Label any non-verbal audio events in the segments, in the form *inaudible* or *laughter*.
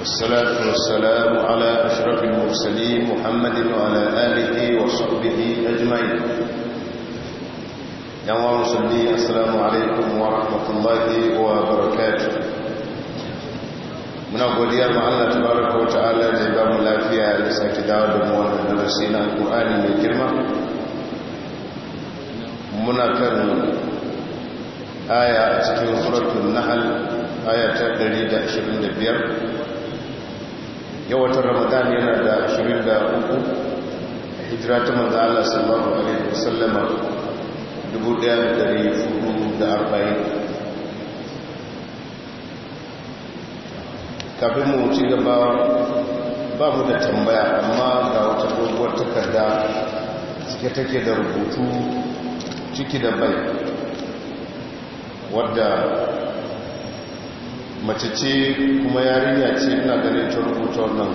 والصلاة والسلام على أشرف المرسلين محمد وعلى آله وصحبه أجمعين يا الله مسلمين السلام عليكم ورحمة الله وبركاته من أقول يا معلنا تبارك وتعالى لإبام الله في أهل ساكداء دموان الدرسين القرآن الكرمة من أكرم آية أتكي النحل آية تقريد أشرف المرسلين yau ramadan yana da 23 hijira ta manzo Allah sallallahu alaihi da 1440 kafin mu ci gaba ba mu da tambaya amma ga wata doguwar takarda cike take da rubutu ciki da bai wadda mace ce kuma yarinya ce ina ganin ta rubuta wannan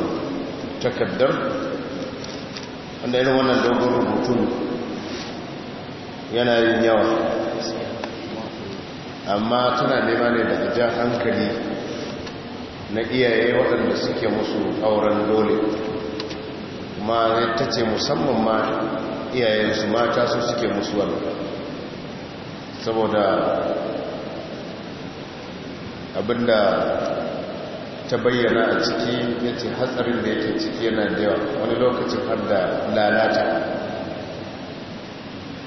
takardar wanda irin wannan dogon rubutun yana yin yawa amma tana nema ne da ja hankali na iyaye waɗanda suke musu auren dole ma ta ce musamman ma iyayensu mata su suke musu wani saboda abinda ta bayyana a ciki ya ce hatsarin da yake ciki yana da yawa wani lokacin har da lalata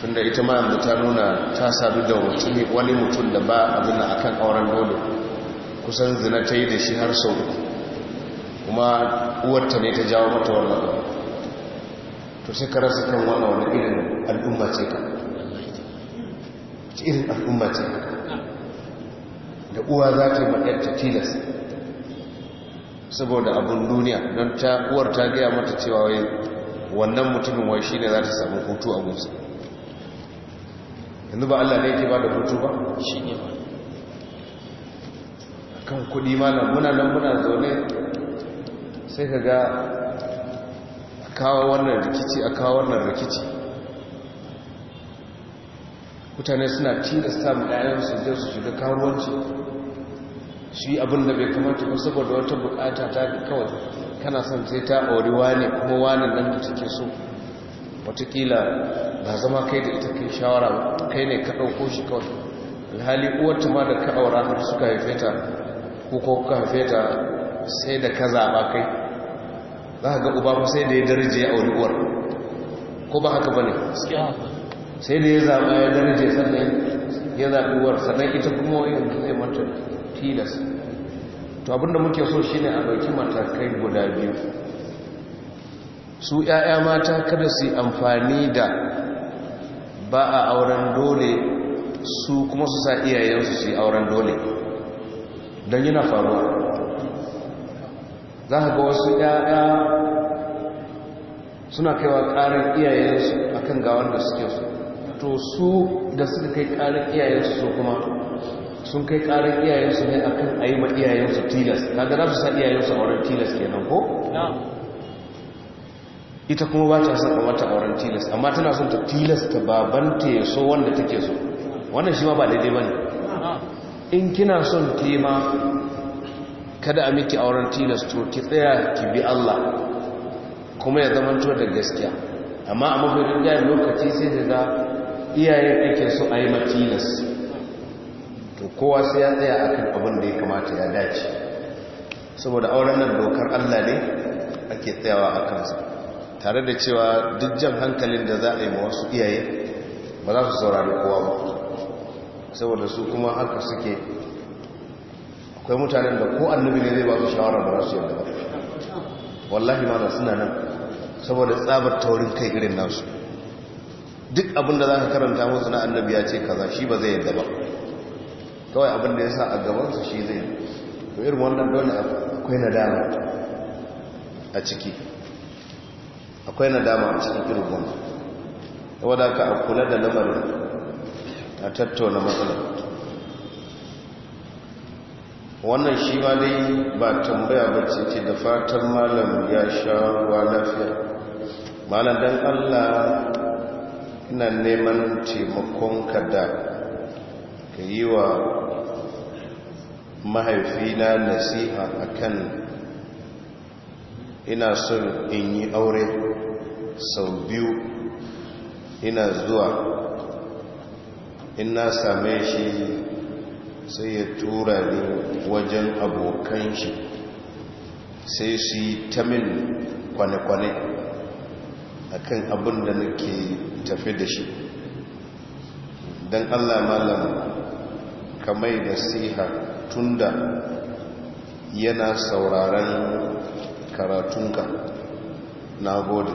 tunda ita ma yanzu ta nuna ta sadu da wani mutum da ba abin akan auren dole kusan zina ta yi da shi har sau kuma uwarta ne ta jawo mata wannan to sai ka rasa kan wani irin al'umma ce ka irin al'umma ce ka da uwa za ta yi tilas saboda abin duniya don ta uwar ta gaya mata cewa wai wannan mutumin wai shi ne za ta samu hutu a gunsa yanzu ba allah ne ke ba da hutu ba shi ne ba kan kudi malam muna nan muna zaune sai ka ga kawo wannan rikici a kawo wannan rikici mutane suna tilasta mu ɗayan su je su shiga karuwanci shi abin da bai kamata ba saboda wata bukata ta kawai kana son sai ta auri wani kuma wani nan da take so watakila ba zama kai da ita kai shawara ba kai ne ka ɗauko shi kawai alhali uwarta ma da ka aura har suka haife ta ko ko ka haife ta sai da ka zaɓa kai za ka ga uba ba sai da ya darje ya auri uwar ko ba haka ba ne sai da ya zaɓa ya daraje sannan ya zaɓi war sannan ita kuma yanzu zai mata tilas to abinda muke so shine a ɗauki matakai guda biyu su ‘ya'ya mata kada su amfani da ba a auren dole su kuma su sa iyayensu su auren dole don yana faruwa za ka ga wasu ‘ya'ya suna kaiwa ƙarin iyayensu akan ga wanda suke su to su da suka kai karar iyayensu kuma sun kai karar iyayensu ne akan ayi ma iyayensu tilas kaga za su sa iyayensu auren tilas kenan ko ita kuma ba ta son mata auren tilas amma tana son ta tilasta babanta ya so wanda take so wannan shi ma ba daidai ba ne. in kina son tema kada a miki auren tilas to ki tsaya ki bi Allah kuma ya zama da gaskiya amma a mafi rinjayen lokaci sai da iyayen ake so a yi matilas to kowa sai ya tsaya akan abin da ya kamata ya dace saboda auren nan dokar allah ne ake tsayawa a kansa tare da cewa duk jan hankalin da za a yi ma wasu iyaye ba za su saurari kowa ba saboda su kuma haka suke akwai mutanen da ko annabi ne zai ba su shawara ba su yadda ba wallahi ma suna nan saboda tsabar taurin kai irin nasu duk abin da za ka karanta musu na annabi ya ce kaza shi ba zai yadda ba kawai abin da ya sa a gabansa shi zai to irin wannan dole akwai nadama a ciki akwai nadama a cikin irin wannan wadda ka a kula da lamarin a tattauna matsalar wannan shi ma dai ba tambaya ba ce ce da fatan malam ya sha ruwa lafiya malam don allah ina neman taimakonka da ka yi wa mahaifina nasiha akan ina son in yi aure sau biyu ina zuwa ina same shi sai ya tura ni wajen abokan shi sai su yi ta kwane-kwane akan abin da nake tafi da shi don allah malam kamai da siha tunda yana sauraren karatunka na gode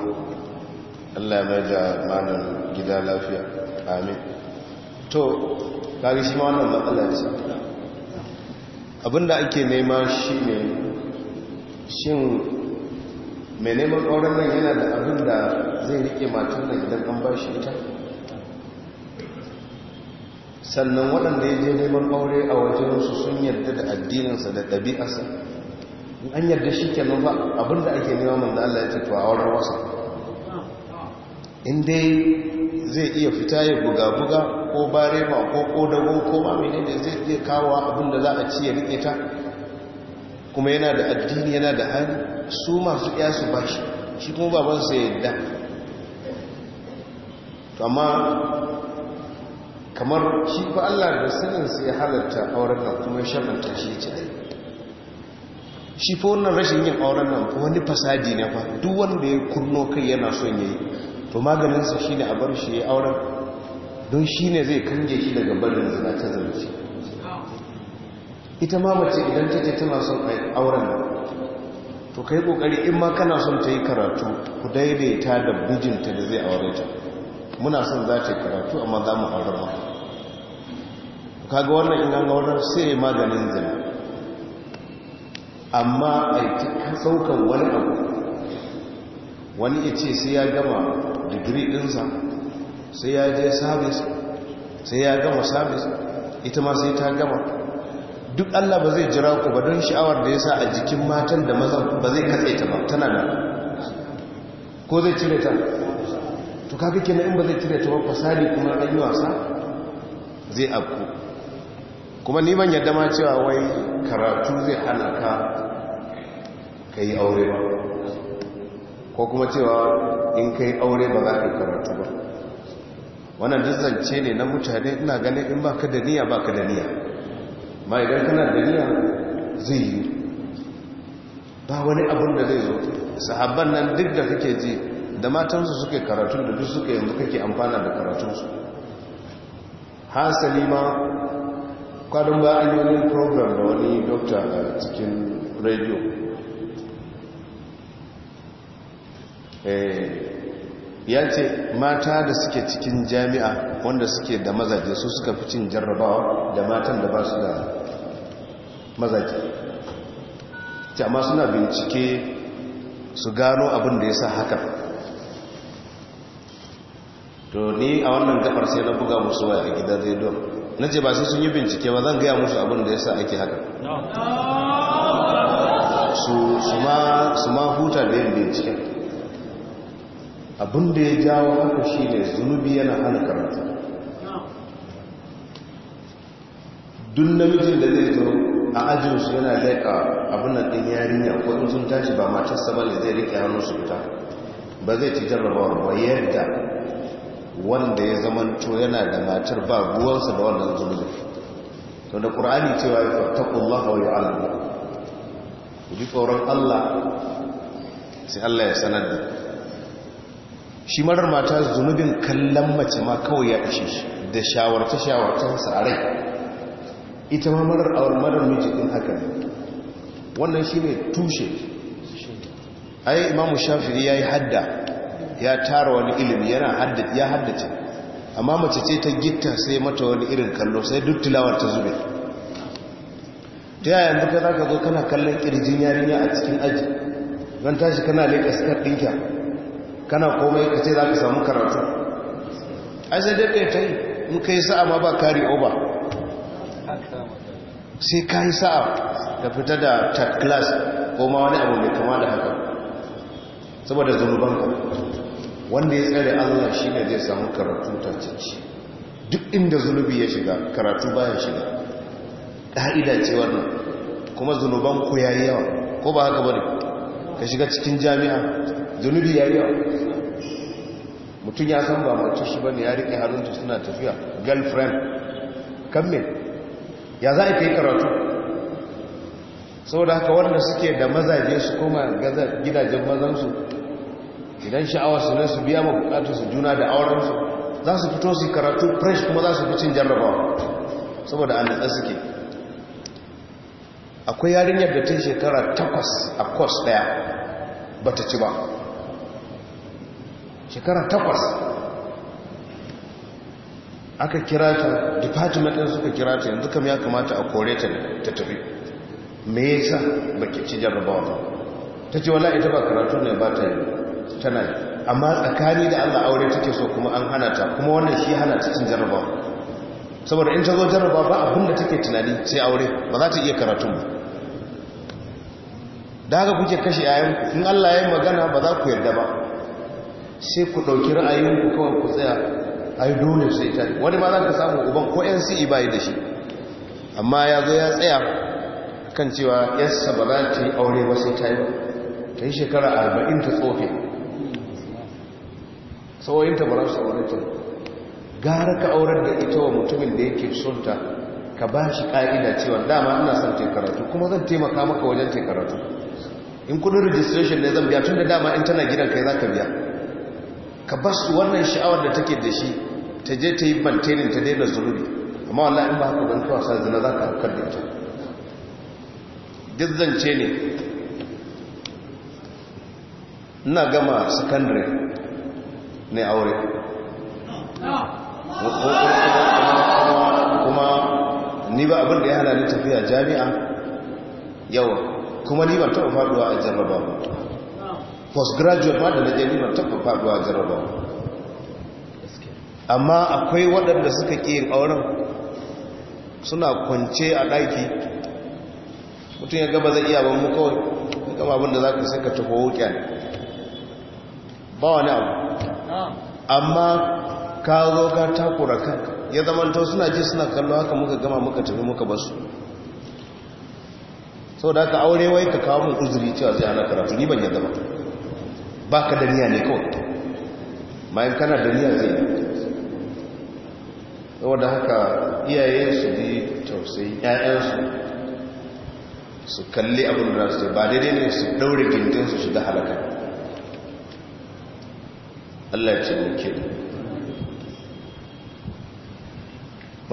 allah ya da malam gida lafiya amin to kari shi ma wannan matsala ce abinda ake nema shi ne shin mai neman auren nan yana da abin da zai rike matan nan idan an ba shi ita sannan waɗanda ya je neman aure a wajensu sun yarda da addininsa da ɗabi'arsa an yarda shi kenan ba da ake nema manda Allah ya ce to a auren wasa in dai zai iya fita ya buga-buga ko barema ko ƙodagon ko mai ne zai iya kawo da za a ci ya riƙe ta kuma yana da addini yana da hali su masu iya su bashi shi kuma babansa yadda amma kamar shi ba Allah da sanin ya halarta auren nan kuma ya shabanta shi ya ci ai shi fa wannan rashin yin auren nan ko wani fasadi ne fa duk wanda ya kurno kai yana son yayi to maganinsa shine a bar shi ya auren don shine zai kange shi daga barin zina ta zalunci ita ma mace idan ta ce tana son auren to kai kokari in ma kana son ta yi karatu ku daidaita da bijinta da zai aure ta muna son za ta yi karatu amma za mu aure ba kaga wannan in an auren sai maganin zina amma a yi saukan wani abu wani ya ce sai ya gama digiri ɗinsa sai ya je sabis sai ya gama sabis ita ma sai ta gama duk Allah ba zai jira ku ba don sha'awar da ya sa a jikin matan da mazan ba zai katse ta ba tana da ko zai cire ta to kaga kenan in ba zai cire ta ba fasali kuma an yi wasa zai abu. kuma ni yadda ma cewa wai karatu zai hana ka ka yi aure ba ko kuma cewa in ka yi aure ba za ka yi karatu ba wannan duk zance ne na mutane ina ganin in ba ka da niyya ba ka da niyya ma idan kana da niyya zai yi ba wani abin da zai zo sahabban nan duk da kake ji da matansu suke karatu da duk suke yanzu kake amfana da karatunsu hasali ma kwadon ba an yi wani program da wani dokta a cikin rediyo eh, ya ce mata da suke cikin jami'a wanda suke da mazaje su suka fi cin jarrabawa da matan da ba su da mazaje amma suna bincike su gano abin da ya sa haka to ni a wannan gabar sai na buga musu waya a gidan rediyo na ce ba sai sun yi bincike ba zan gaya musu abin da ya sa ake haka su ma huta da yin binciken abin da ya jawo haka shi ne zunubi yana hana karanta, dun namijin da zai zo a ajinsu yana laika abin da ɗin yarinya ko in sun tashi ba matarsa ba ne zai rike hannun su fita ba zai ci jarrabawa ba yadda wanda ya zamanto yana da matar ba ruwansa da wannan zunubi to da ƙur'ani cewa ya fattakullaha wa yu'alamu ku ji tsoron allah sai allah ya sanar da shi marar mata zunubin kallon mace ma kawai ya ishe shi da shawarce-shawarcensa a rai ita ma marar awar marar miji ɗin haka ne wannan shi ne tushe ai imamu shafiri ya yi hadda ya tara wani ilimi yana ya haddace amma mace ce ta gitta sai mata wani irin kallo sai duk tilawar ta zube ta yaya yanzu ka za ka zo kana kallon kirjin yarinya a cikin aji don tashi kana leƙa skar ɗinka kana komai ka ce za ka samu karatu ai sai da ta yi in ka yi sa'a ma ba kari oba sai ka yi sa'a ka fita da third class ko ma wani abu mai kama da haka saboda ka wanda ya tsare allah shi ne zai samu karatu ta cici duk inda zunubi ya shiga karatu baya shiga ƙa'ida ce nan kuma zunubanku ya yi yawa ko ba haka ba ne ka shiga cikin jami'a zunubi ya yawa mutum ya san ba mace shi ba ne ya riƙe hannunta suna tafiya girlfriend kan ya za a kai karatu saboda haka wanda suke da mazaje su koma gidajen mazansu idan sha'awar su ne su biya ma bukatu su juna da aurensu za su fito su karatu fresh kuma za su fi cin jarrabawa saboda annatsa suke akwai yarinyar da ta shekara takwas a kwas daya ba ta ci ba shekara takwas aka kira ta department ɗin suka kira ta yanzu kam ya kamata a kore ta ta tafi me yasa ba ke ci jarrabawa ba ta ce wala ita ba karatu ne ba ta yi tana amma tsakani da allah aure take so kuma an hana ta kuma wannan shi hana cikin cin jarrabawa saboda in ta zo jarraba ba abinda take tunani sai aure ba za ta iya karatu ba da ga kuke kashe yayanku in Allah ya yi magana ba za ku yarda ba sai ku ɗauki ku kawai ku tsaya ai dole sai ta wani ba za ka samu uban ko yan si'i bayi da shi amma ya zo ya tsaya kan cewa yassa ba za ta yi aure ba sai ta yi ta yi shekara arba'in ta tsofe sauwayinta ba za su aure ta gara ka aurar da ita wa mutumin da yake sunta ka ba shi ƙa'ida cewa dama ina son te karatu kuma zan taimaka maka wajen te karatu in kudin registration ne zan biya tun da dama in tana gidan kai za ka biya ka ba su wannan sha'awar da take da shi ta je ta yi mantenin ta daina zunubi amma wallahi in ba haka ban zina za ka haukar da ita duk zance ne ina gama sakandare ne aure kuma ni ba abin da ya halarci tafiya jami'a yawa kuma ni ba taɓa faɗuwa a jarraba ba postgraduate ma da na je ni taɓa faɗuwa a jarraba ba amma akwai waɗanda suka ƙi yin auren suna kwance a ɗaki mutum ya gaba zai iya ban mu kawai ya gaba abinda za ka sai ka tafi wuƙen ba wani abu ah. amma ka zo ka takura kan ya zamanta suna ji suna kallo haka muka gama muka tafi muka basu sau da aka aure wai ka kawo mun uzuri cewa sai ana karatu ni ban yadda ba ba ka da niyya ne kawai bayan kana da niyya zai da haka iyaye su bi tausayi 'ya'yansu su kalli abin da su ba daidai ne su daure su shiga halaka Allah ce mu ke.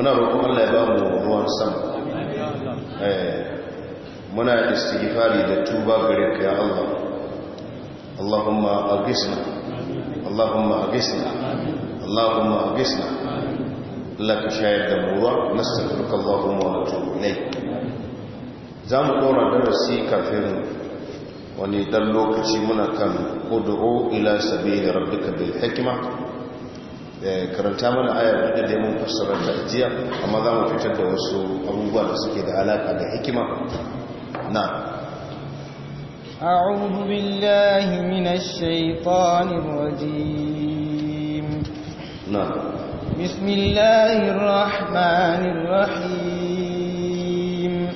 muna roƙon Allah ya ba mu ruwan sama eh, muna istighfari da tuba gare ka ya Allah Allahumma aghisna Allahumma aghisna Allahumma aghisna Allah ka shayar da mu ruwa nastaghfiruka Allahumma wa natubu ilayk za mu ɗora darasi kafin wani dan lokaci muna kan kudu'u ila sabili rabbika bil hikma karanta mana ayar da dai mun fassara ta jiya amma za mu fitar da wasu abubuwa da suke da alaka da hikima na a'udhu billahi minash shaitanir rajim na bismillahir rahmanir rahim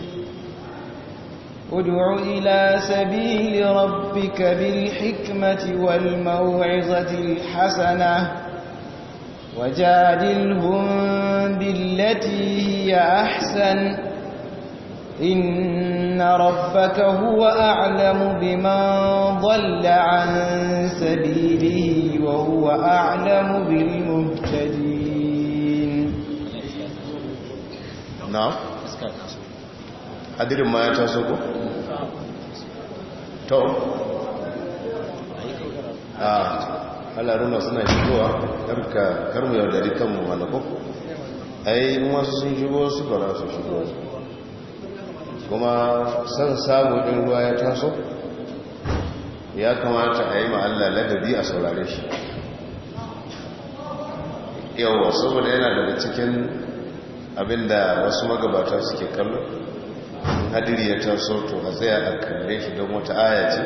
ud'u ila sabili rabbika bil hikmati wal والموعظة hasanah وجادلهم بالتي هي أحسن إن ربك هو أعلم بمن ضل عن سبيله وهو أعلم بالمهتدين نعم أدري ما يتسوق تو آه alaruma suna shigowa karka karmu yaudari mu malakoku ai masu sun shigo su ba su shigo kuma san samu ɗin ruwa ya taso ya kamata a yi ma'alla ladabi a saurare shi yawa saboda yana daga cikin abinda wasu magabata suke kallo hadiri ya taso to a tsaye a kalle shi don wata ayaci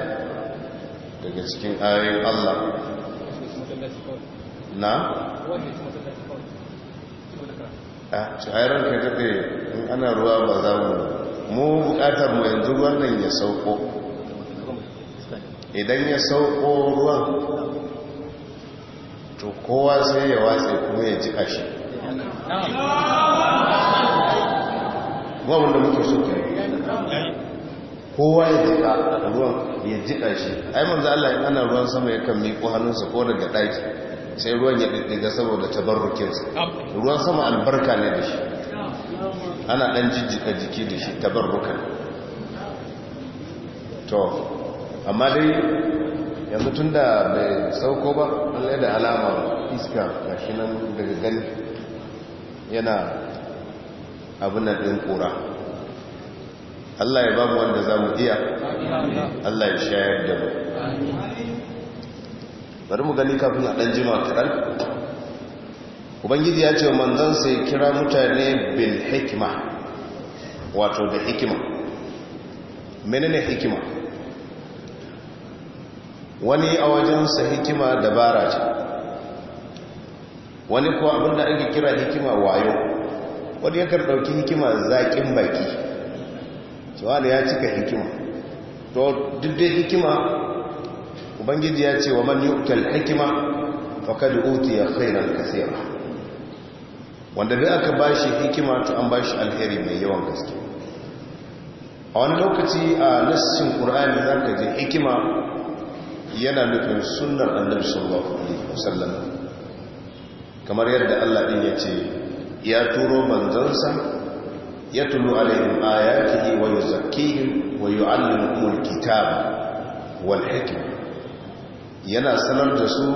daga cikin ayoyin allah na? a cikin ka daɗe in ana ruwa ba za mu mu bukatar mu yanzu wannan ya sauko idan ya sauko ruwan to kowa sai ya watsa kuma ya ji ashe gwamnan muke so kowa ya jika ruwan ya jika shi ai manzo Allah in ana ruwan sama ya kan miƙo hannunsa ko daga ɗaki sai ruwan ya diddiga saboda tabarrukinsa ruwan sama albarka ne da shi ana ɗan jijjika jiki da shi tabarrukan to amma dai yanzu tun da bai sauko ba ya da alama iska ga shi nan daga gani yana abin nan ɗin ƙura Allah ya babu wanda za mu iya Allah ya shayar da mu bari mu gani kafin a ɗan jima kaɗan ubangiji ya ce manzan sai kira mutane bil hikima wato da hikima menene hikima wani a wajensa hikima dabara ce wani ko abinda ake kira hikima wayo wani yakan ɗauki hikima zaƙin baki wani ya cika hikima to duk dai hikima ubangiji ya ce wa man yu'tal hikima faqad utiya khairan kaseera wanda dai aka bashi hikima to an bashi alheri mai yawan gaske a wani lokaci a nassin qur'ani zaka ji hikima yana nufin sunnar annabi sallallahu alaihi wasallam kamar yadda Allah din ya ce ya turo manzonsa. yatulu alaihim ayatihi wa yuzakkihim wa yuallimuhumul kitaba wal hikma yana sanar da su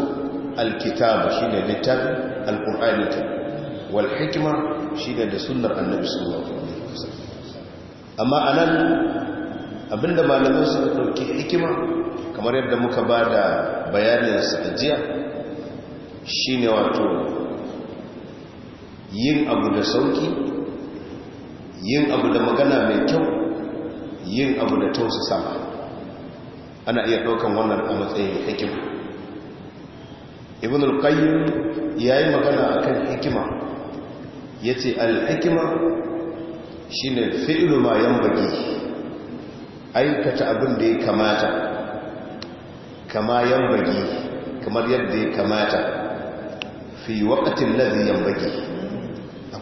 alkitaba shine littafi alqur'ani wal hikma shine da sunnar annabi sallallahu alaihi amma anan abinda malamin su dauki hikima kamar yadda muka bada bayanin su ajiya shine wato yin abu da sauki yin abu da magana mai kyau yin abu da tausa sama ana iya ɗaukan wannan a matsayin hikima ibn al-qayyim ya magana akan hikima yace ce al-hikima shi ne ma yan bagi aikata abin da ya kamata kama yan bagi kamar yadda ya kamata fi waƙatin ladhi yan bagi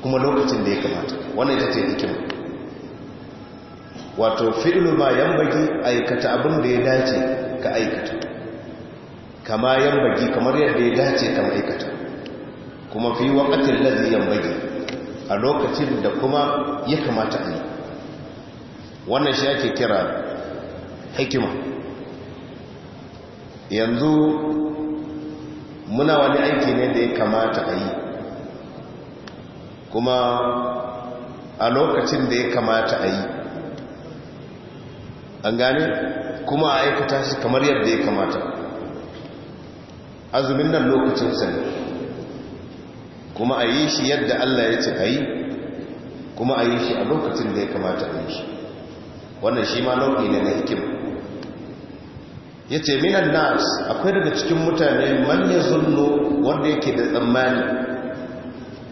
kuma lokacin da ya kamata wannan ita ce hikima wato fi'lu ma yambagi aikata abin da ya dace ka aikata kama yambagi kamar yadda ya dace ka aikata kuma fi waqtin ladhi yambagi a lokacin da kuma ya kamata a yi wannan shi ake kira hikima yanzu muna wani aiki ne da ya kamata a yi kuma a lokacin da ya kamata a yi an gane kuma a aikata shi kamar yadda ya kamata azumin nan lokacin ne kuma a yi shi yadda Allah ya ce a yi kuma a yi shi a lokacin da ya kamata a yi shi wannan shi ma nau'i ne na hikim ya ce minan nas akwai daga cikin mutane man ya zunno wanda yake da tsammani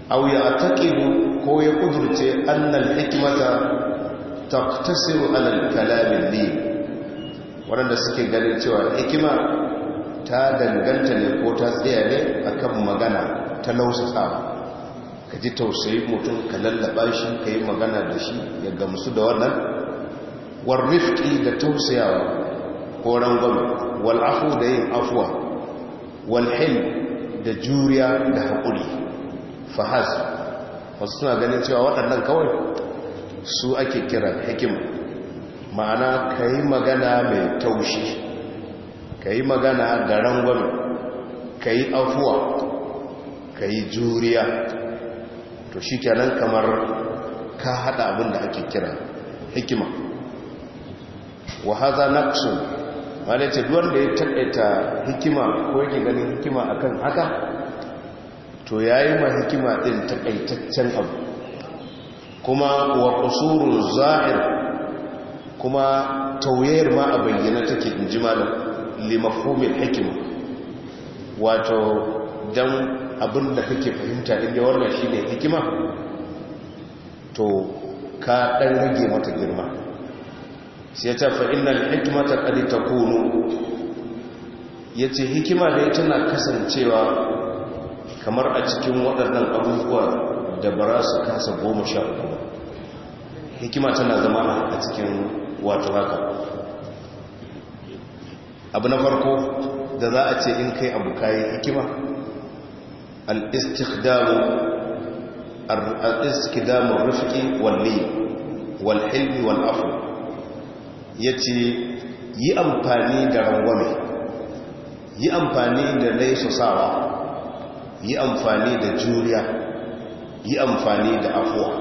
a ya'taqidu ko ya kudurce annal hikmata taqtasiru ala al-kalam al-lim suke ganin cewa hikima ta danganta ne ko ta tsaya ne akan magana ta lausa ka ji tausayin mutum ka lallaba shi ka yi magana da shi ya gamsu da wannan warrifki da tausayawa ko rangon wal'afu da yin afuwa walhil da juriya da haƙuri fahaz wasu suna ganin cewa waɗannan kawai su ake kiran hikima ma'ana ka yi magana mai taushi ka yi magana da rangwame ka yi afuwa ka yi juriya to shi kenan kamar ka haɗa abin da ake kira hikima wahaza ma wanda ce duwanda ya taɗaita hikima ko yake ganin hikima akan haka to ya yi ma hikima din takaitaccen abu kuma wa qusurun za'ir kuma tauyayar ma a bayyana take inji malam li hikima wato dan abin da kake fahimta inda wannan shi ne hikima to ka ɗan rage mata girma sai ta fa'inan hikimata ƙari ta kunu ya ce hikima da tana kasancewa kamar a cikin waɗannan abubuwa da ba su kasa goma sha uku hikima tana zama a cikin wato haka abu na farko da za a ce in kai abu kayi hikima al-istikhdamu rufqi walli walhilmi wal'afu ya ce yi amfani da rangwame yi amfani da sawa. yi amfani da juriya yi amfani da afuwa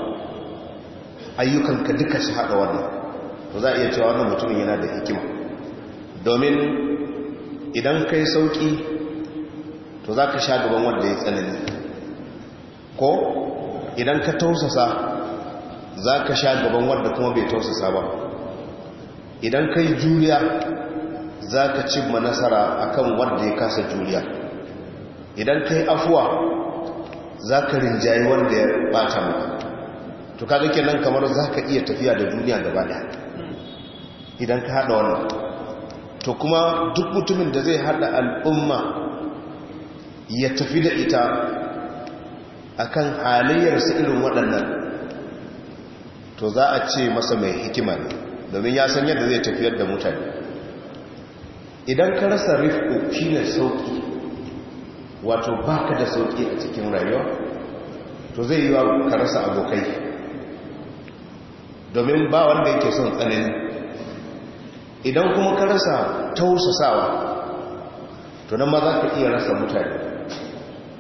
ayyukanka duka shi haɗa wannan to za a iya cewa wannan mutumin yana da hikima domin idan kai sauƙi to za ka sha gaban wanda ya tsanani ko idan ka tausasa za ka sha gaban wanda kuma bai tausasa ba idan kai juriya za ka ci nasara akan wanda ya kasa juriya idan kai afuwa za ka rinjaye wanda ya bata maka to kaga nan kamar za ka iya tafiya da duniya da bada idan ka hada wannan to kuma duk mutumin da zai hada al'umma ya tafi da ita akan halayyarsa irin waɗannan to za a ce masa mai hikima ne domin ya san yadda zai tafiyar da mutane idan ka rasa rifku shi ne sauki wato ka da sauki a cikin rayuwa to zai yi wa ka rasa abokai domin ba wanda yake son tsanani idan kuma ka rasa tausasawa to nan ma za ka iya rasa mutane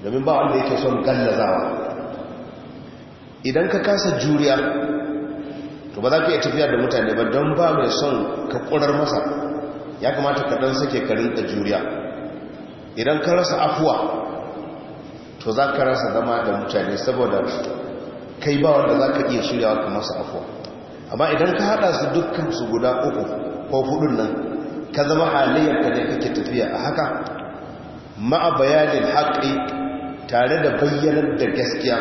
domin ba wanda yake son gallazawa idan ka kasa juriya to ba za ka iya tafiya da mutane ba don ba mai son ka kurar masa ya kamata ka dan sake karin da juriya idan ka rasa afuwa to za ka rasa zama da mutane saboda kai ba wanda za ka iya shirya wata masu afuwa amma idan ka haɗa su dukkan su guda uku ko hudun nan ka zama halayyarka ne kake tafiya a haka ma'a bayanin haƙi tare da bayyanar da gaskiya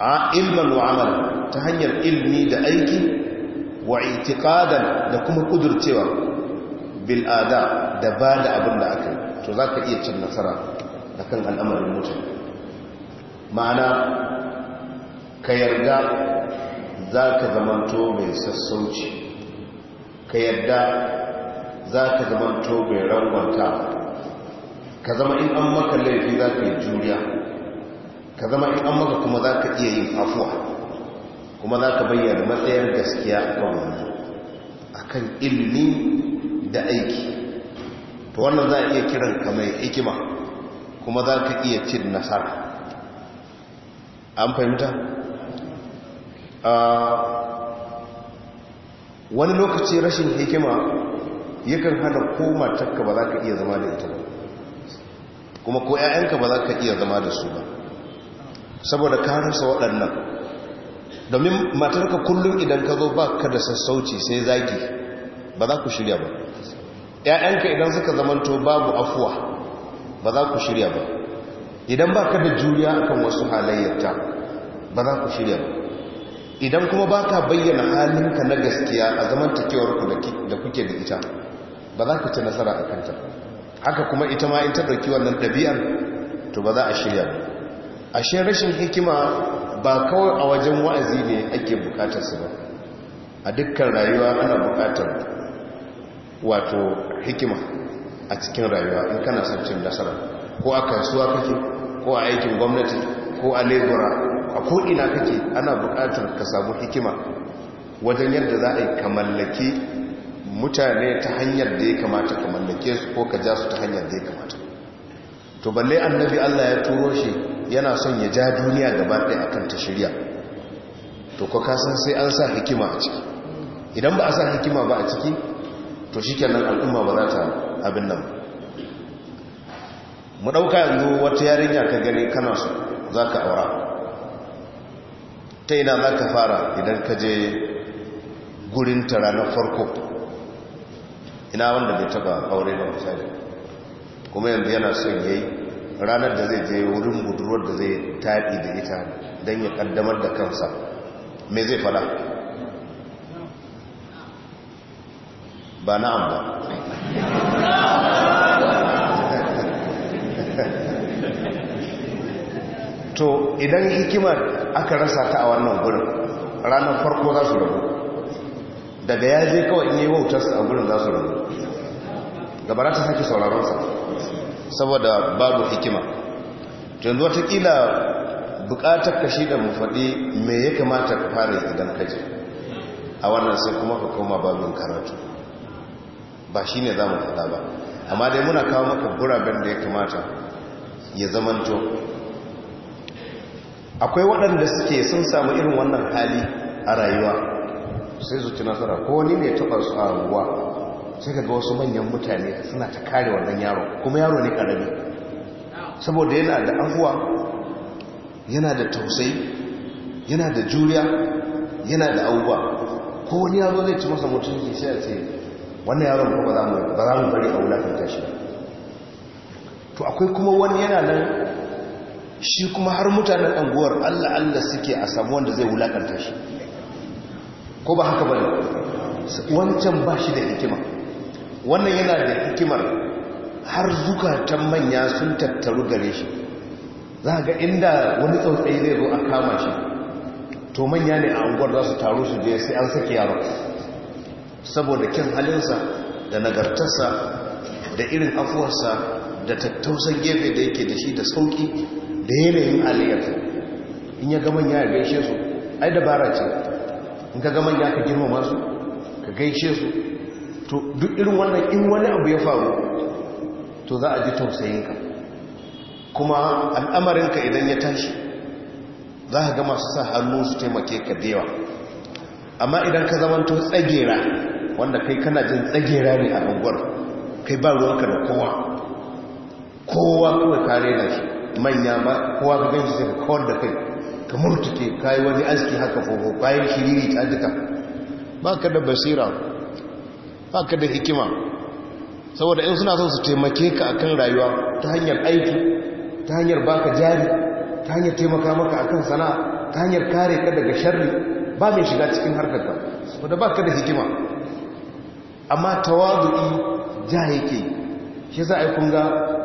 a ilman wa'amal ta hanyar ilmi da aiki wa itikadar da kuma kudurcewa bil'ada da ba da abin da aka to za ka iya cin nasara da kan al'amarin mutum ma'ana ka yarda za ka zamanto mai sassauci ka yarda za ka zamanto mai rangonta ka zama in an maka laifi za ka yi juriya ka zama in an maka kuma za ka iya yin afuwa kuma za ka bayyana matsayar gaskiya a kan ilmi da aiki to wannan za a iya kiran ka mai hikima kuma za ka iya cin nasara an fahimta ah, wani lokaci rashin hikima yakan hana koma takka ba za ka iya zama da ita ba kuma ko 'ya'yanka ba za ka iya zama da su ba saboda ka waɗannan domin matarka kullum idan ka zo ba ka da sassauci sai zagi ba za ku shirya ba ‘ya'yanka idan suka zamanto babu afuwa ba za ku shirya ba idan ba ka da juriya akan wasu halayyarta ba za ku shirya ba idan kuma ba ka bayyana halinka na gaskiya a zamantakewarku da kuke da ita ba za ku ci nasara a kanta haka kuma ita ma in ta wannan ɗabi'ar to ba za a shirya ba ashe rashin hikima ba kawai a wajen wa'azi ne ake bukatarsu ba a dukkan rayuwa ana bukatar wato hikima a cikin rayuwa in kana sarcin nasara ko a kasuwa kake ko a aikin gwamnati ko a lebura a ko'ina kake ana buƙatar ka samu hikima wajen yadda za a yi ka mallaki mutane ta hanyar da ya kamata ka mallake su ko ka ja su ta hanyar da ya kamata to balle annabi Allah ya turo shi yana son ya ja duniya gaba ɗaya akan ta shirya to ko ka san sai an sa hikima a ciki idan ba a sa hikima ba a ciki to shi kenan al'umma ba za ta abin nan mu ɗauka yanzu wata yarinya ka gani kana su za ka aura ta ina za ka fara idan ka je gurin tara na farko ina wanda bai taba aure ba misali kuma yanzu yana son yayi ranar da zai je wurin budurwar da zai taɗi da ita don ya ƙaddamar da kansa me zai faɗa? ba na'am ba to idan hikimar aka rasa ta a wannan gurin ranar farko za su rabu daga ya je kawai iya wautar wautarsa a gurin za su rabu gabara ta sake sauraronsa saboda babu hikima yanzu watakila bukatar ka shi da mu faɗi ya kamata ka fara idan kaji a wannan sai kuma ka koma babin karatu ba shi ne za mu ba amma dai muna kawo maka guraben da ya kamata ya zamanto akwai waɗanda suke sun samu irin wannan hali a rayuwa sai su ci nasara ko wani ne taɓa su a ruwa sai ka ga wasu manyan mutane suna ta kare wannan yaro kuma yaro ne ƙarami saboda yana da afuwa yana da tausayi yana da juriya yana da abubuwa ko wani yaro zai ci masa mutunci sai a ce wannan yaron ko ba za mu bari a wulakanta shi to akwai kuma wani yana nan shi kuma har mutanen anguwar allah allah suke a samu wanda zai wulakanta shi ko ba haka ba wancan ba shi da hikima wannan yana da hikimar har zukatan manya sun tattaru gare shi za ga inda wani tsautsayi zai zo a kama shi to manya ne a unguwar za su taru su je sai an sake yaron saboda kyan halinsa da nagartarsa da irin afuwarsa da tattausan gefe da yake da shi da sauki da yanayin aliyar in ya gaman ya gaishe su ai dabara ce in ka gaman ya ka girmama su ka gaishe su to duk irin wannan in wani abu ya faru to za a ji tausayinka kuma al'amarinka idan ya tashi za ka gama su sa hannun su taimake ka dewa amma idan ka zama zamanto tsagera wanda kai kana jin tsagera ne a unguwar kai ba ruwanka da kowa kowa kuma kare na shi manya ba kowa ka gaji sai ka kawar da kai ka murtuke kayi wani aski haka fofo bayan shiriri ta duka ba ka da basira ba ka da hikima saboda in suna son su taimake ka akan rayuwa ta hanyar aiki ta hanyar baka jari ta hanyar taimaka maka akan sana'a ta hanyar kare ka daga sharri ba mai shiga cikin harkar ka wadda ba ka da hikima amma tawadu'i ja yake shi za a yi kunga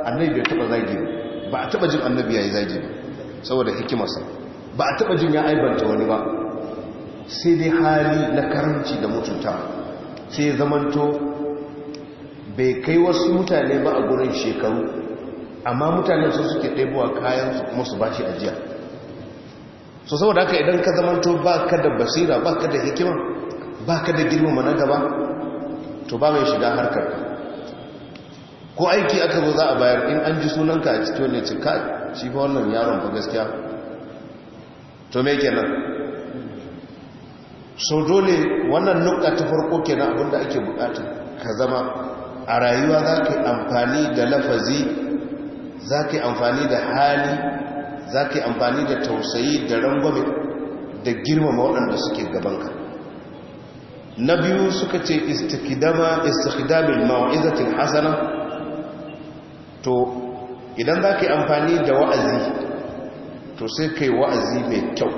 annabi bai taba zagi ba a taba jin annabi ya yi zagi ba saboda hikimarsa ba a taba jin ya aibanta wani ba sai dai hali na karanci da mutunta sai zamanto bai kai wasu mutane ba a gurin shekaru amma mutane su suke ɗaibuwa kayan su kuma su ba shi ajiya so saboda haka idan ka zamanto ba ka da basira ba ka da hikima ba ka da girma na gaba to ba mai shiga harkar ka ko aiki aka zo za a bayar in an ji sunanka a cikin wani cika shi ba wannan yaron ba gaskiya to me kenan so dole wannan nuka ta farko kenan abinda ake bukata ka zama a rayuwa za ka amfani da lafazi za ka amfani da hali za ka amfani da tausayi da rangwame da girmama waɗanda suke gabanka na biyu suka ce istikidamil mawa'izatil hasana to idan za ka yi amfani da wa'azi to sai ka yi wa'azi mai kyau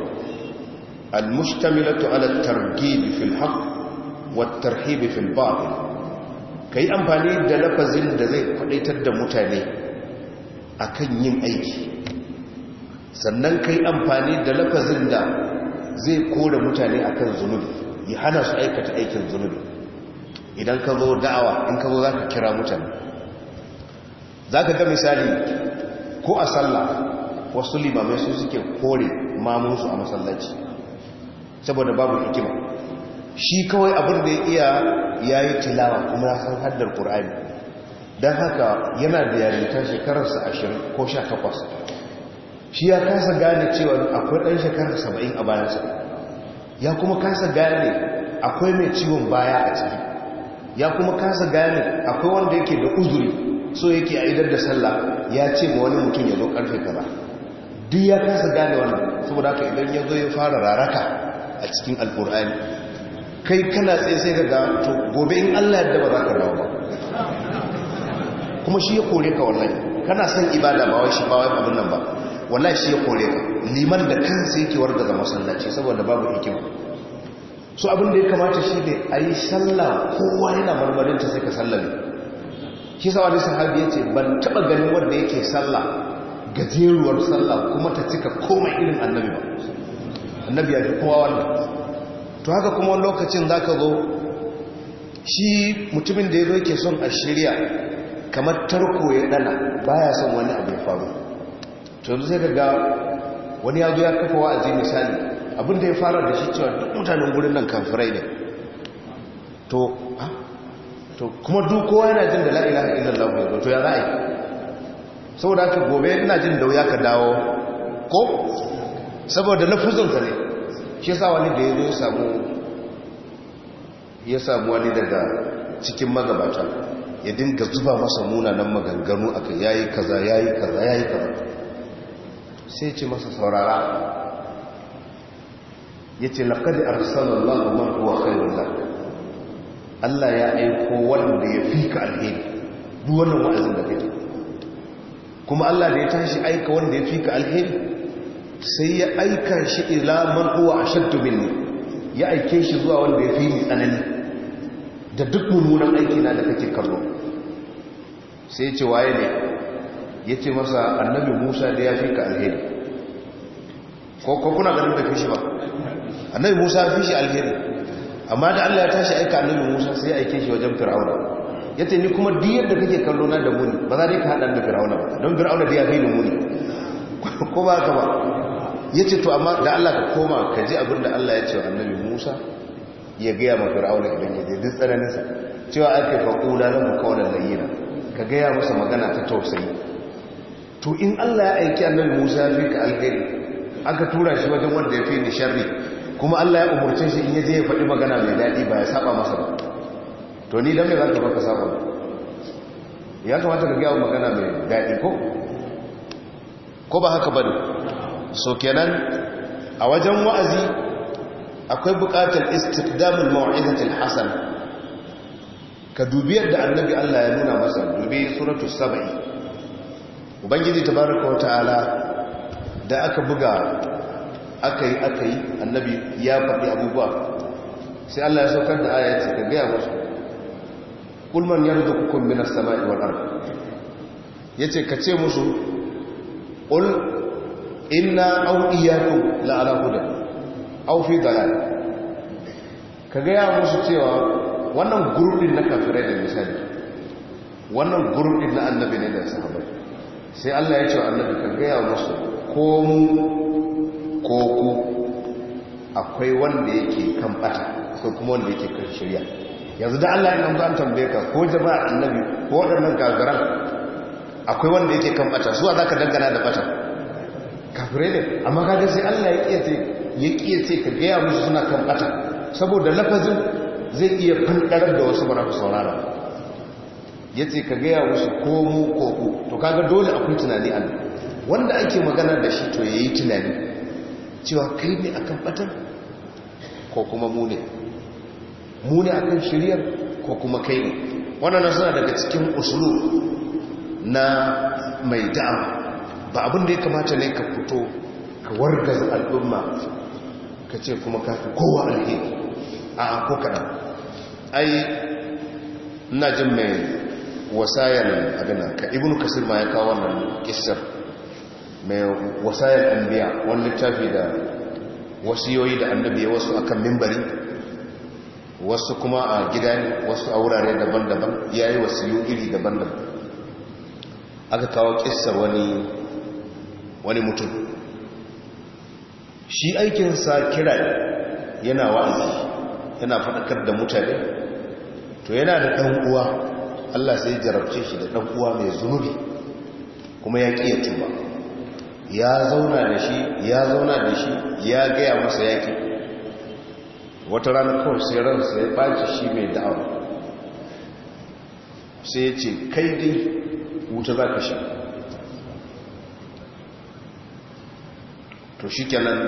al-mustamilatu ala targibi fil haq wa tarhibi fil ka yi amfani da lafazin da zai kwadaitar da mutane akan yin aiki sannan ka yi amfani da lafazin da zai kore mutane akan zunubi ya hana su aikata aikin zunubi idan ka zo da'awa in ka zo za ka kira mutane za ka ga misali ko a sallah wasu limamai su suke kore mamunsu a masallaci saboda babu hikima shi kawai abin da ya iya ya yi tilawa kuma ya san haddar ƙur'ani don haka yana da yarinta shekararsa ashirin ko sha takwas shi ya kasa gane cewa akwai ɗan shekarar saba'in a bayansa ya kuma kasa gane akwai mai ciwon baya a ciki ya kuma kasa gane akwai wanda yake da uzuri so yake a idar da sallah ya ce ma wani mutum ya zo karfe gaba duk ya kasa gane wannan saboda haka idan ya zo ya fara raraka a cikin alkur'ani kai kana tsaye sai ga to gobe in Allah yadda ba za ka dawo ba kuma shi ya kore ka wallahi kana son ibada ba wai shi ba wai abin nan ba wallahi shi ya kore ka liman da kansa yake warga ga masallaci saboda babu hikima so abin da ya kamata shi ne a yi sallah kowa yana marmarinta sai ka ne shi sa wani sahabi ya ce ban taɓa ganin wanda yake sallah gajeruwar sallah kuma ta cika komai irin annabi ba annabi ya fi kowa wannan to haka kuma wani lokacin za ka zo shi mutumin da ya zo yake son a shirya kamar tarko ya dana baya son wani abin faru to zai daga wani ya zo ya kafa wa'azi misali abinda ya fara da shi cewa duk mutanen gurin nan kan kafirai ne to to kuma duk kowa yana jin da la'ila a illar lagu to ya ra'ayi saboda haka gobe ina jin da wuya ka dawo ko saboda ka ne shi yasa wani da ya ya samu ya samu wani daga cikin magabata ya dinga zuba masa munanan maganganu a yayi kaza yayi kaza yayi kaza sai ce masa saurara ya ce laƙadi arsalallahu man huwa khairun lak Allah ya aiko wanda ya fi ka alheri duk wannan wa'azin da fito kuma Allah da ya tashi aika wanda ya fi ka alheri sai ya aika shi ila man a shaddubin ne ya aike shi zuwa wanda ya fi ni tsanani da duk mummunan aiki na da kake karo sai ce waye ne ya ce masa annabi musa da ya fi ka alheri ko kuna ganin da fi shi ba annabi musa fi shi alheri amma da allah ya tashi aika annabi musa sai ya aike shi wajen fir'auna ya ce ni kuma diyar da kake kallo na da muni ba za yi ka haɗa da fir'auna ba don fir'auna da ya fi ni muni *laughs* ko ba ka ba ya ce to amma da allah ka koma ka ji abin da allah ya ce wa annabi musa ya gaya ma fir'auna idan ya je duk tsananinsa cewa ake faƙula na mu kawo da layyina ka gaya masa magana ta tausayi to in Allah ya aiki annabi Musa ya fi ka alheri aka tura shi wajen wanda ya fi ni sharri kuma Allah ya umurce shi in ya je ya faɗi magana mai daɗi ba ya saba masa ba to ni dan me za ka baka saba ya kamata ka gaya magana mai daɗi ko ko ba haka ba ne so kenan a wajen wa'azi akwai buƙatar istiqdamul mau'izatil hasana ka dubi yadda annabi Allah ya nuna masa dubi suratu saba'i ubangiji tabaraka wa ta'ala da aka buga aka yi aka yi annabi ya faɗi abubuwa sai Allah ya saukar da aya ce ka gaya musu kulman ya rudu kukun minas sama'i wal ard ya ce ka ce musu ul inna au iyaku la ala hudan au fi dalal ka gaya musu cewa wannan gurbin na kafirai da misali wannan gurbin na annabi ne da sahabbai sai Allah ya ce wa annabi ka gaya musu ko mu ko ku akwai wanda yake kan bata ko kuma wanda yake kan shirya yanzu da Allah ya namba tambaye ka ko jama'a annabi ko waɗannan gagaran akwai wanda yake kan bata zuwa ka dangana da bata kafire ne amma kaga sai Allah ya kiyace ya kiyace ka gaya musu suna kan bata saboda lafazin zai iya fandarar da wasu ba na saurara ya ce ka gaya wasu komo ku, to kaga dole akwai tunani a wanda ake magana da shi to ya yi tunani cewa kai ne a kan batar ko kuma mu ne mu ne a shiryar ko kuma kai ne wannan suna daga cikin usulu na mai da'awa ba abin da ya kamata ne ka fito ka wargaza al'umma ka ce kuma ka fi kowa alheri a ko kaɗan ai ina jin mai wasayar abin ka ibnu kasir ma ya kawo wannan kissar mai wasayar anbiya wani littafi da wasiyoyi da annabi wasu akan mimbari wasu kuma a gida ne wasu a wurare daban-daban ya yi wasiyo iri daban-daban aka kawo kissar wani wani mutum shi aikinsa kira yana wa'azi yana faɗakar da mutane to yana da ɗan uwa Allah sai jarabce shi da ɗan uwa mai zunubi kuma ya ƙi ya tuba ya zauna da shi ya zauna da shi ya gaya masa yaki. wata rana kawai sai ransa ya ɓaci shi mai da'awa sai ya ce kai dai wuta za ka sha to shi kenan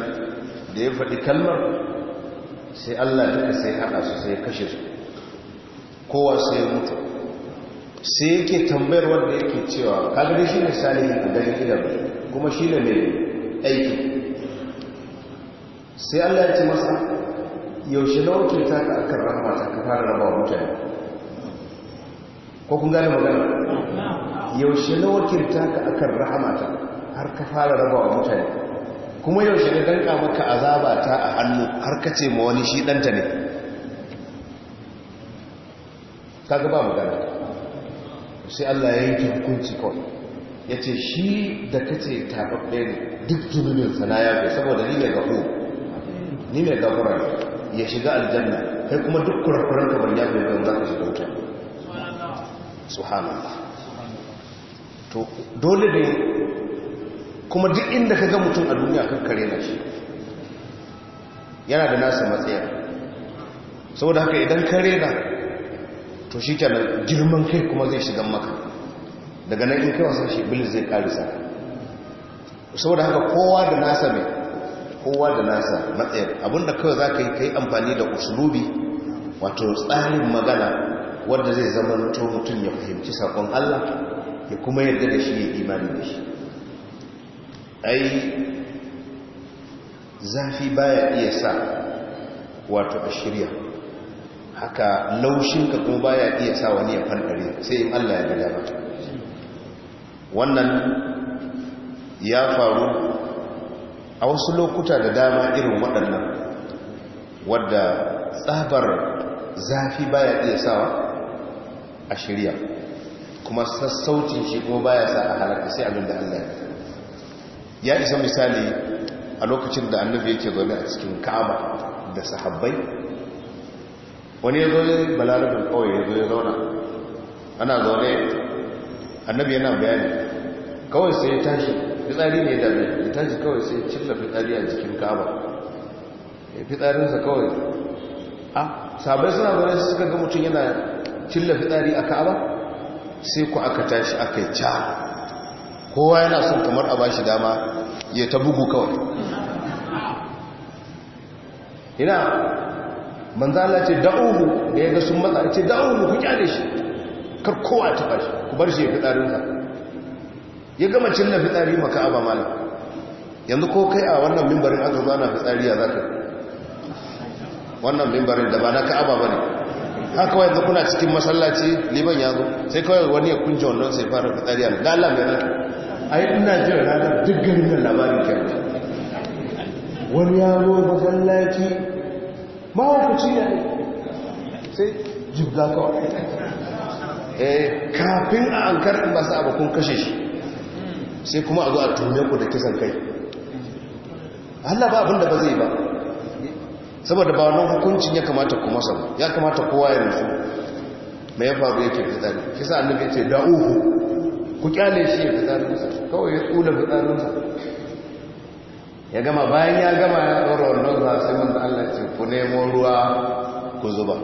da ya faɗi kalmar sai Allah duka sai haɗa su sai kashe su kowa sai ya mutu sai yake tambayar wanda yake cewa kagari shi ne salihin a ganin idan kuma shi ne mai aiki sai allah ya ce masa yaushe na ta ka akan ta ka fara raba wa mutane ko kun gane magana yaushe na ta ka akan ta har ka fara raba wa mutane kuma yaushe ka danka maka azaba ta a hannu har ka ce ma wani shi ɗanta ne ka gaba magana sai Allah ya yi hukunci kawai ya ce shi da ka ce ne duk zunubinsa na yafe saboda ni mai gafo ni mai gafara ya shiga aljanna kai kuma duk kurakuran ka ban yafe ban za ka shiga wuta hana to dole ne kuma duk inda ka ga mutum a duniya kan kare na shi yana da nasa matsayar saboda haka idan kare na to shi kenan girman kai kuma zai shiga maka daga nan in kai wasan shi bilis zai karisa saboda haka kowa da nasa mai kowa da nasa matsayar abinda kawai za ka yi ka amfani da usulubi wato tsarin magana wanda zai zama to mutum ya fahimci sakon allah ya kuma yarda da shi ya imani da shi ai zafi baya iya sa wato a shirya haka laushinka kuma baya iya sa wani ya farɗare sai in Allah ya gada mata wannan ya faru a wasu lokuta da dama irin waɗannan wadda tsabar zafi baya iya sawa a shirya kuma sassaucin shi kuma baya sa a halarta sai abinda da Allah ya isa misali a lokacin da annabi yake zaune a cikin ka'aba da sahabbai wani ya zo ne balarabin kawai ya zo ya zauna ana zaune annabi yana bayani kawai sai ya tashi fitsari ne da mai ya tashi kawai sai ya cilla fitsari a jikin kaba ya fitsarinsa kawai a ah, sabai suna zaune suka ga mutum yana cilla fitsari a kaba sai ku aka tashi aka yi ca kowa yana son kamar a bashi dama ya ta bugu kawai ina manzala ce da'uhu da ya ga sun matsa ce da'uhu ku kyale shi kar kowa ta shi ku bar shi ya fitsarinsa ya gama na fitsari maka aba mala yanzu ko kai a wannan mimbarin aka zo ana fitari ya zaka wannan mimbarin da ba na ka'aba bane haka wai yanzu kuna cikin masallaci liban ya zo sai kawai wani ya kunje wannan sai fara fitsari da Allah mai rana ai ina jin ranar duk garin labarin kenan wani ya zo masallaci mahaukaci ne sai jibga kawai eh, kafin a an karɓi masu abokan kashe shi sai kuma a zo a tume ku da kisan kai Allah ba abinda ba zai ba saboda ba wani hukuncin ya kamata kuma sabu ya kamata kowa ya nufi mai ya faru yake fitari kisa annabi ya ce uku, ku kyale shi ya fitarinsa kawai ya tsula fitarinsa ya gama bayan ya gama ya tsoro wannan za sai manzo Allah ce ku nemo ruwa ku zuba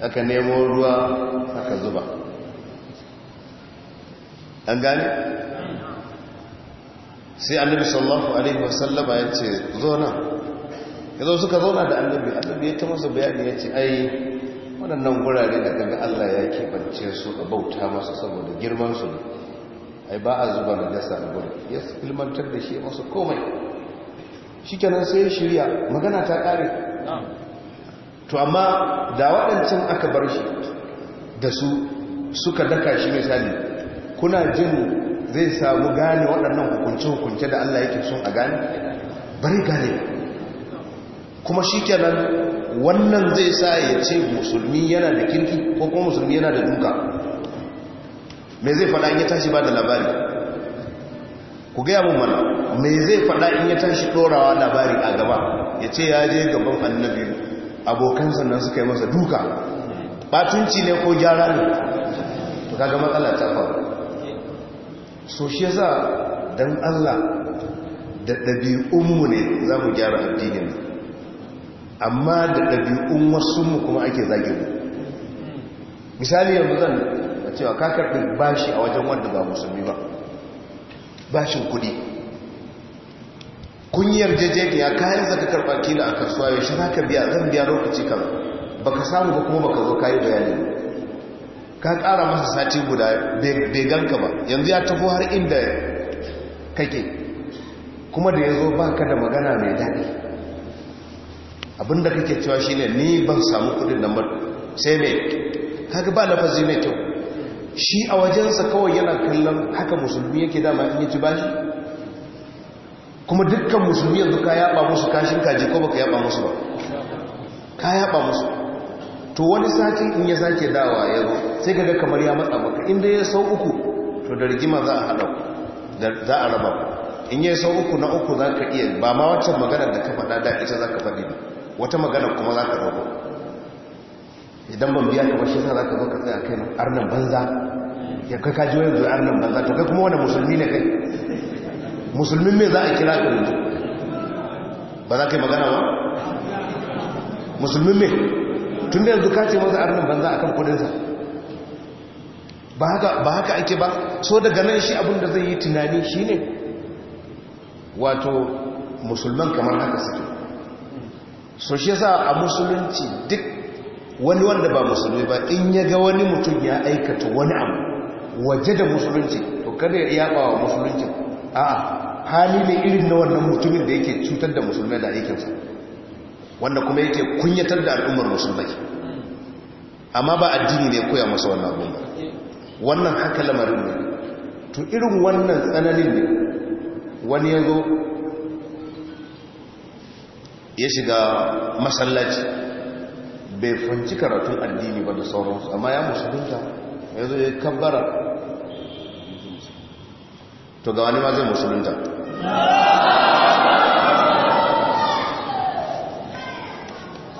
aka nemo ruwa aka zuba an gane sai annabi sallallahu alaihi wasallama ya ce zona ya zo suka zauna da annabi annabi ya ta masa bayani ya ce ai waɗannan gurare da daga Allah ya kebance su a bauta masa saboda girmansu ne ai ba a zuba jasa a gudu ya filmantar da shi masu komai shikenan sai ya shirya magana ta kare to amma da waɗancan aka bar shi da su suka daka shi misali kuna jin zai samu gane waɗannan hukunce-hukunce da Allah yake son a gane bari gane kuma shikenan wannan zai sa ya ce musulmi yana da kirki ko kuma musulmi yana da duka Mai zai fada in ya tashi ba da labari ku gaya mun mana Mai zai fada in ya tashi dorawa labari a gaba ya ce ya je gaban annabi abokan sannan suka yi masa duka batunci ne ko gyara ne to kaga matsala ta faru so shi yasa dan Allah da ɗabi'unmu ne za mu gyara addinin amma da ɗabi'un wasu mu kuma ake zage misali yanzu zan cewa ka karɓi bashi a wajen wanda ba musulmi ba bashin kudi kunyar ya kayan zaka karɓa kila a kasuwa ya shi zaka biya zan biya lokaci kan baka samu ba kuma baka zo kayi bayani ka ƙara masa sati guda bai ganka ba yanzu ya tafi har inda kake kuma da ya zo baka da magana mai daɗi abinda kake cewa shine ni ban samu kudin nan ba sai mai kaga ba fazi mai kyau shi a wajensa kawai yana kallon haka musulmi yake dama in yaci bashi kuma dukkan musulmi yanzu ka yaba musu kashin kaji ko baka yaba musu ba ka yaba musu to wani sati in ya sake dawa ya zo sai kaga kamar ya matsa maka inda ya sau uku to da rigima za a hada za a raba in ya sau uku na uku za ka iya ba ma wacce magana da ka faɗa da ita za ka faɗi ba wata magana kuma za ka raba idan ban biya ka ba shi za ka zo ka tsaya kai arnan banza ya kai kaji wani zuwa nan banza ta kai kuma wani musulmi ne kai musulmin mai za a kira ka yanzu ba za ka yi magana ba musulmin mai tun da yanzu kace maza arnin banza kan kudinsa ba haka ake ba so daga nan shi abinda zai yi tunani shi ne wato musulman kamar haka suke so shi yasa a musulunci duk wani wanda ba musulmi ba in ya ga wani mutum ya aikata wani abu waje da musulunci to kada ya yaba wa musulunci a hali ne irin na wannan mutumin da yake cutar da musulmai da aikinsa wanda kuma yake kunyatar da al'ummar musulmai amma ba addini ne koya masa wannan abu wannan haka lamarin ne to irin wannan tsananin ne wani yazo ya shiga masallaci bai fanci karatun addini ba da sauransu amma ya musulunta ya zo ya kabbara to ga wani ma zai musulunta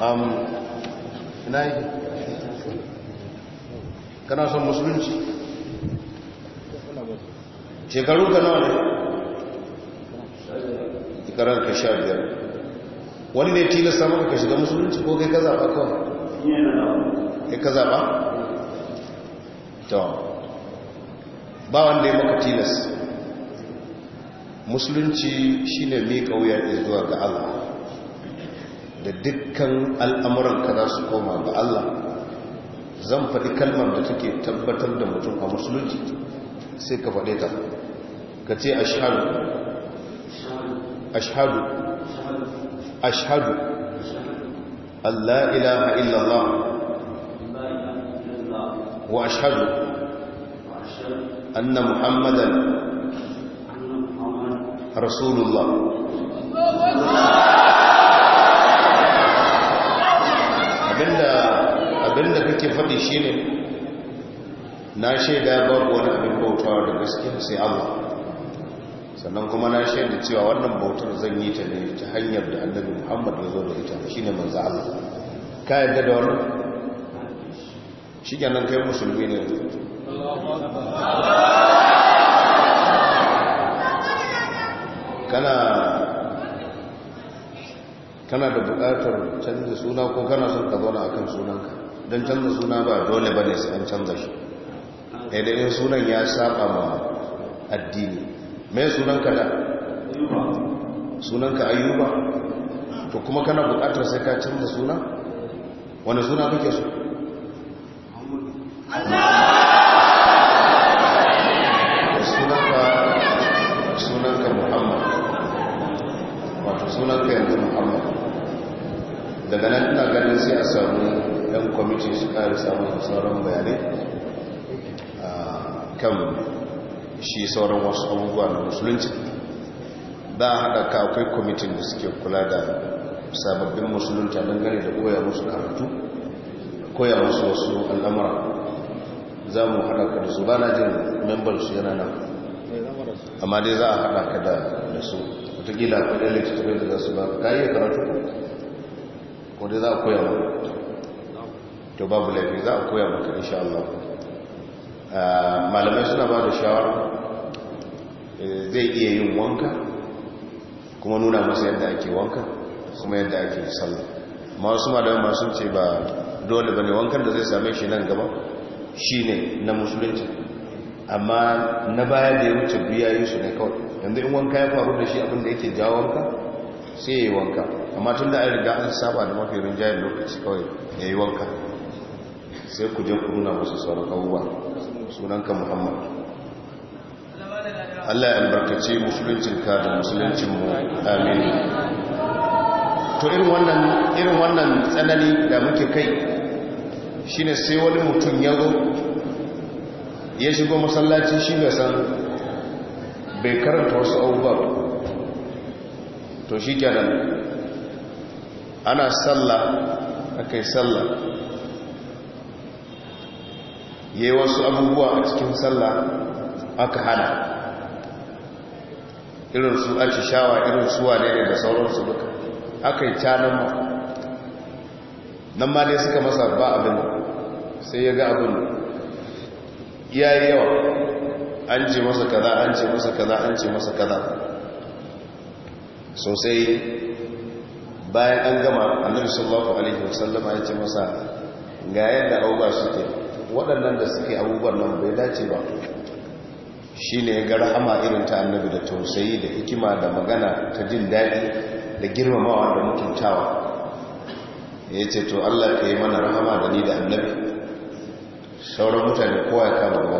um, ina yi kana son musulunci shekaru ka nawa ne shekarar ka sha biyar wani ne tilasta maka ka shiga musulunci ko kai ka zaɓa kawai kai ka zaɓa? to ba wanda ya maka tilas musulunci shine miƙa wuya zuwa ga Allah da dukkan al'amuranka za su koma ga Allah zan faɗi kalmar da take tabbatar da mutum a musulunci sai ka faɗe ta ka ce ashadu ashadu ashadu Allah ilaha illallah wa ashadu anna muhammadan rasulullah abinda kake faɗi shine na shaida babu wani abin bautawa da gaskiya sai Allah sannan kuma na shaida cewa wannan bautar zan yi ta ne ta hanyar da annabi Muhammad ya zo da ita shine manzu Allah ka yarda da shi nan kai musulmi ne kana da bukatar canza suna ko kana son ka zauna akan sunanka don canza suna ba dole ba ne sai an canza shi ɗaiɗayin eh, sunan ya saba ma addini mai sunanka da sunanka ayyuba to kuma kana bukatar sai ka canza suna wani suna kake so Allah sai a samu ɗan kwamiti su ƙari samun sauran bayanai kan shi sauran wasu abubuwa na musulunci za a haɗa ka akwai kwamitin da suke kula da sababbin musulunta dangane da koya musu karatu koya musu wasu al'amura za mu haɗa ka da su ba na jin su yana nan amma dai za a haɗa ka da su watakila kudin littattafai da za su ba ka yi karatu wanda za a koya ba to babu laifi za a koya maka insha Allah ah, malamai suna ba da shawara eh, zai iya yin wanka kuma nuna masa yadda ake wanka kuma yadda ake sallu masu yamma masu ce ba dole ba ne wankan da zai same shi nan gaba shi ne na musulunci amma na baya da ya wuce biya yi su ne kawai yanzu in wanka ya faru da shi abinda yake jawo wanka sai ya yi wanka amma tun da yi riga an saba da mafi rinjayen lokaci kawai ya yi wanka sai ku je ku nuna musu sauran abubuwa sunanka muhammad allah ya albarkace musuluncinka da musuluncinmu amin to irin wannan tsanani da muke kai shine sai wani mutum ya zo ya shigo masallaci shi mai san bai karanta wasu abubuwa to shi kenan ana sallah aka yi sallah yi wasu abubuwa a cikin sallah aka hana irin su shawa, irin su ne, da sauransu duka aka yi canan ma nan ma dai suka masa ba abin sai ya ga abin ya yi yawa an ce masa kaza an ce masa kaza an ce masa kaza sosai bayan an gama annabi sallallahu alaihi wasallam ya ce masa ga yadda abubuwa suke waɗannan da suke abubuwan nan bai dace ba shi ne ga rahama irin ta annabi da tausayi da hikima da magana ta jin daɗi da girmamawa da mutuntawa ya ce to allah ka yi mana rahama da ni da annabi sauran mutane kowa ya kama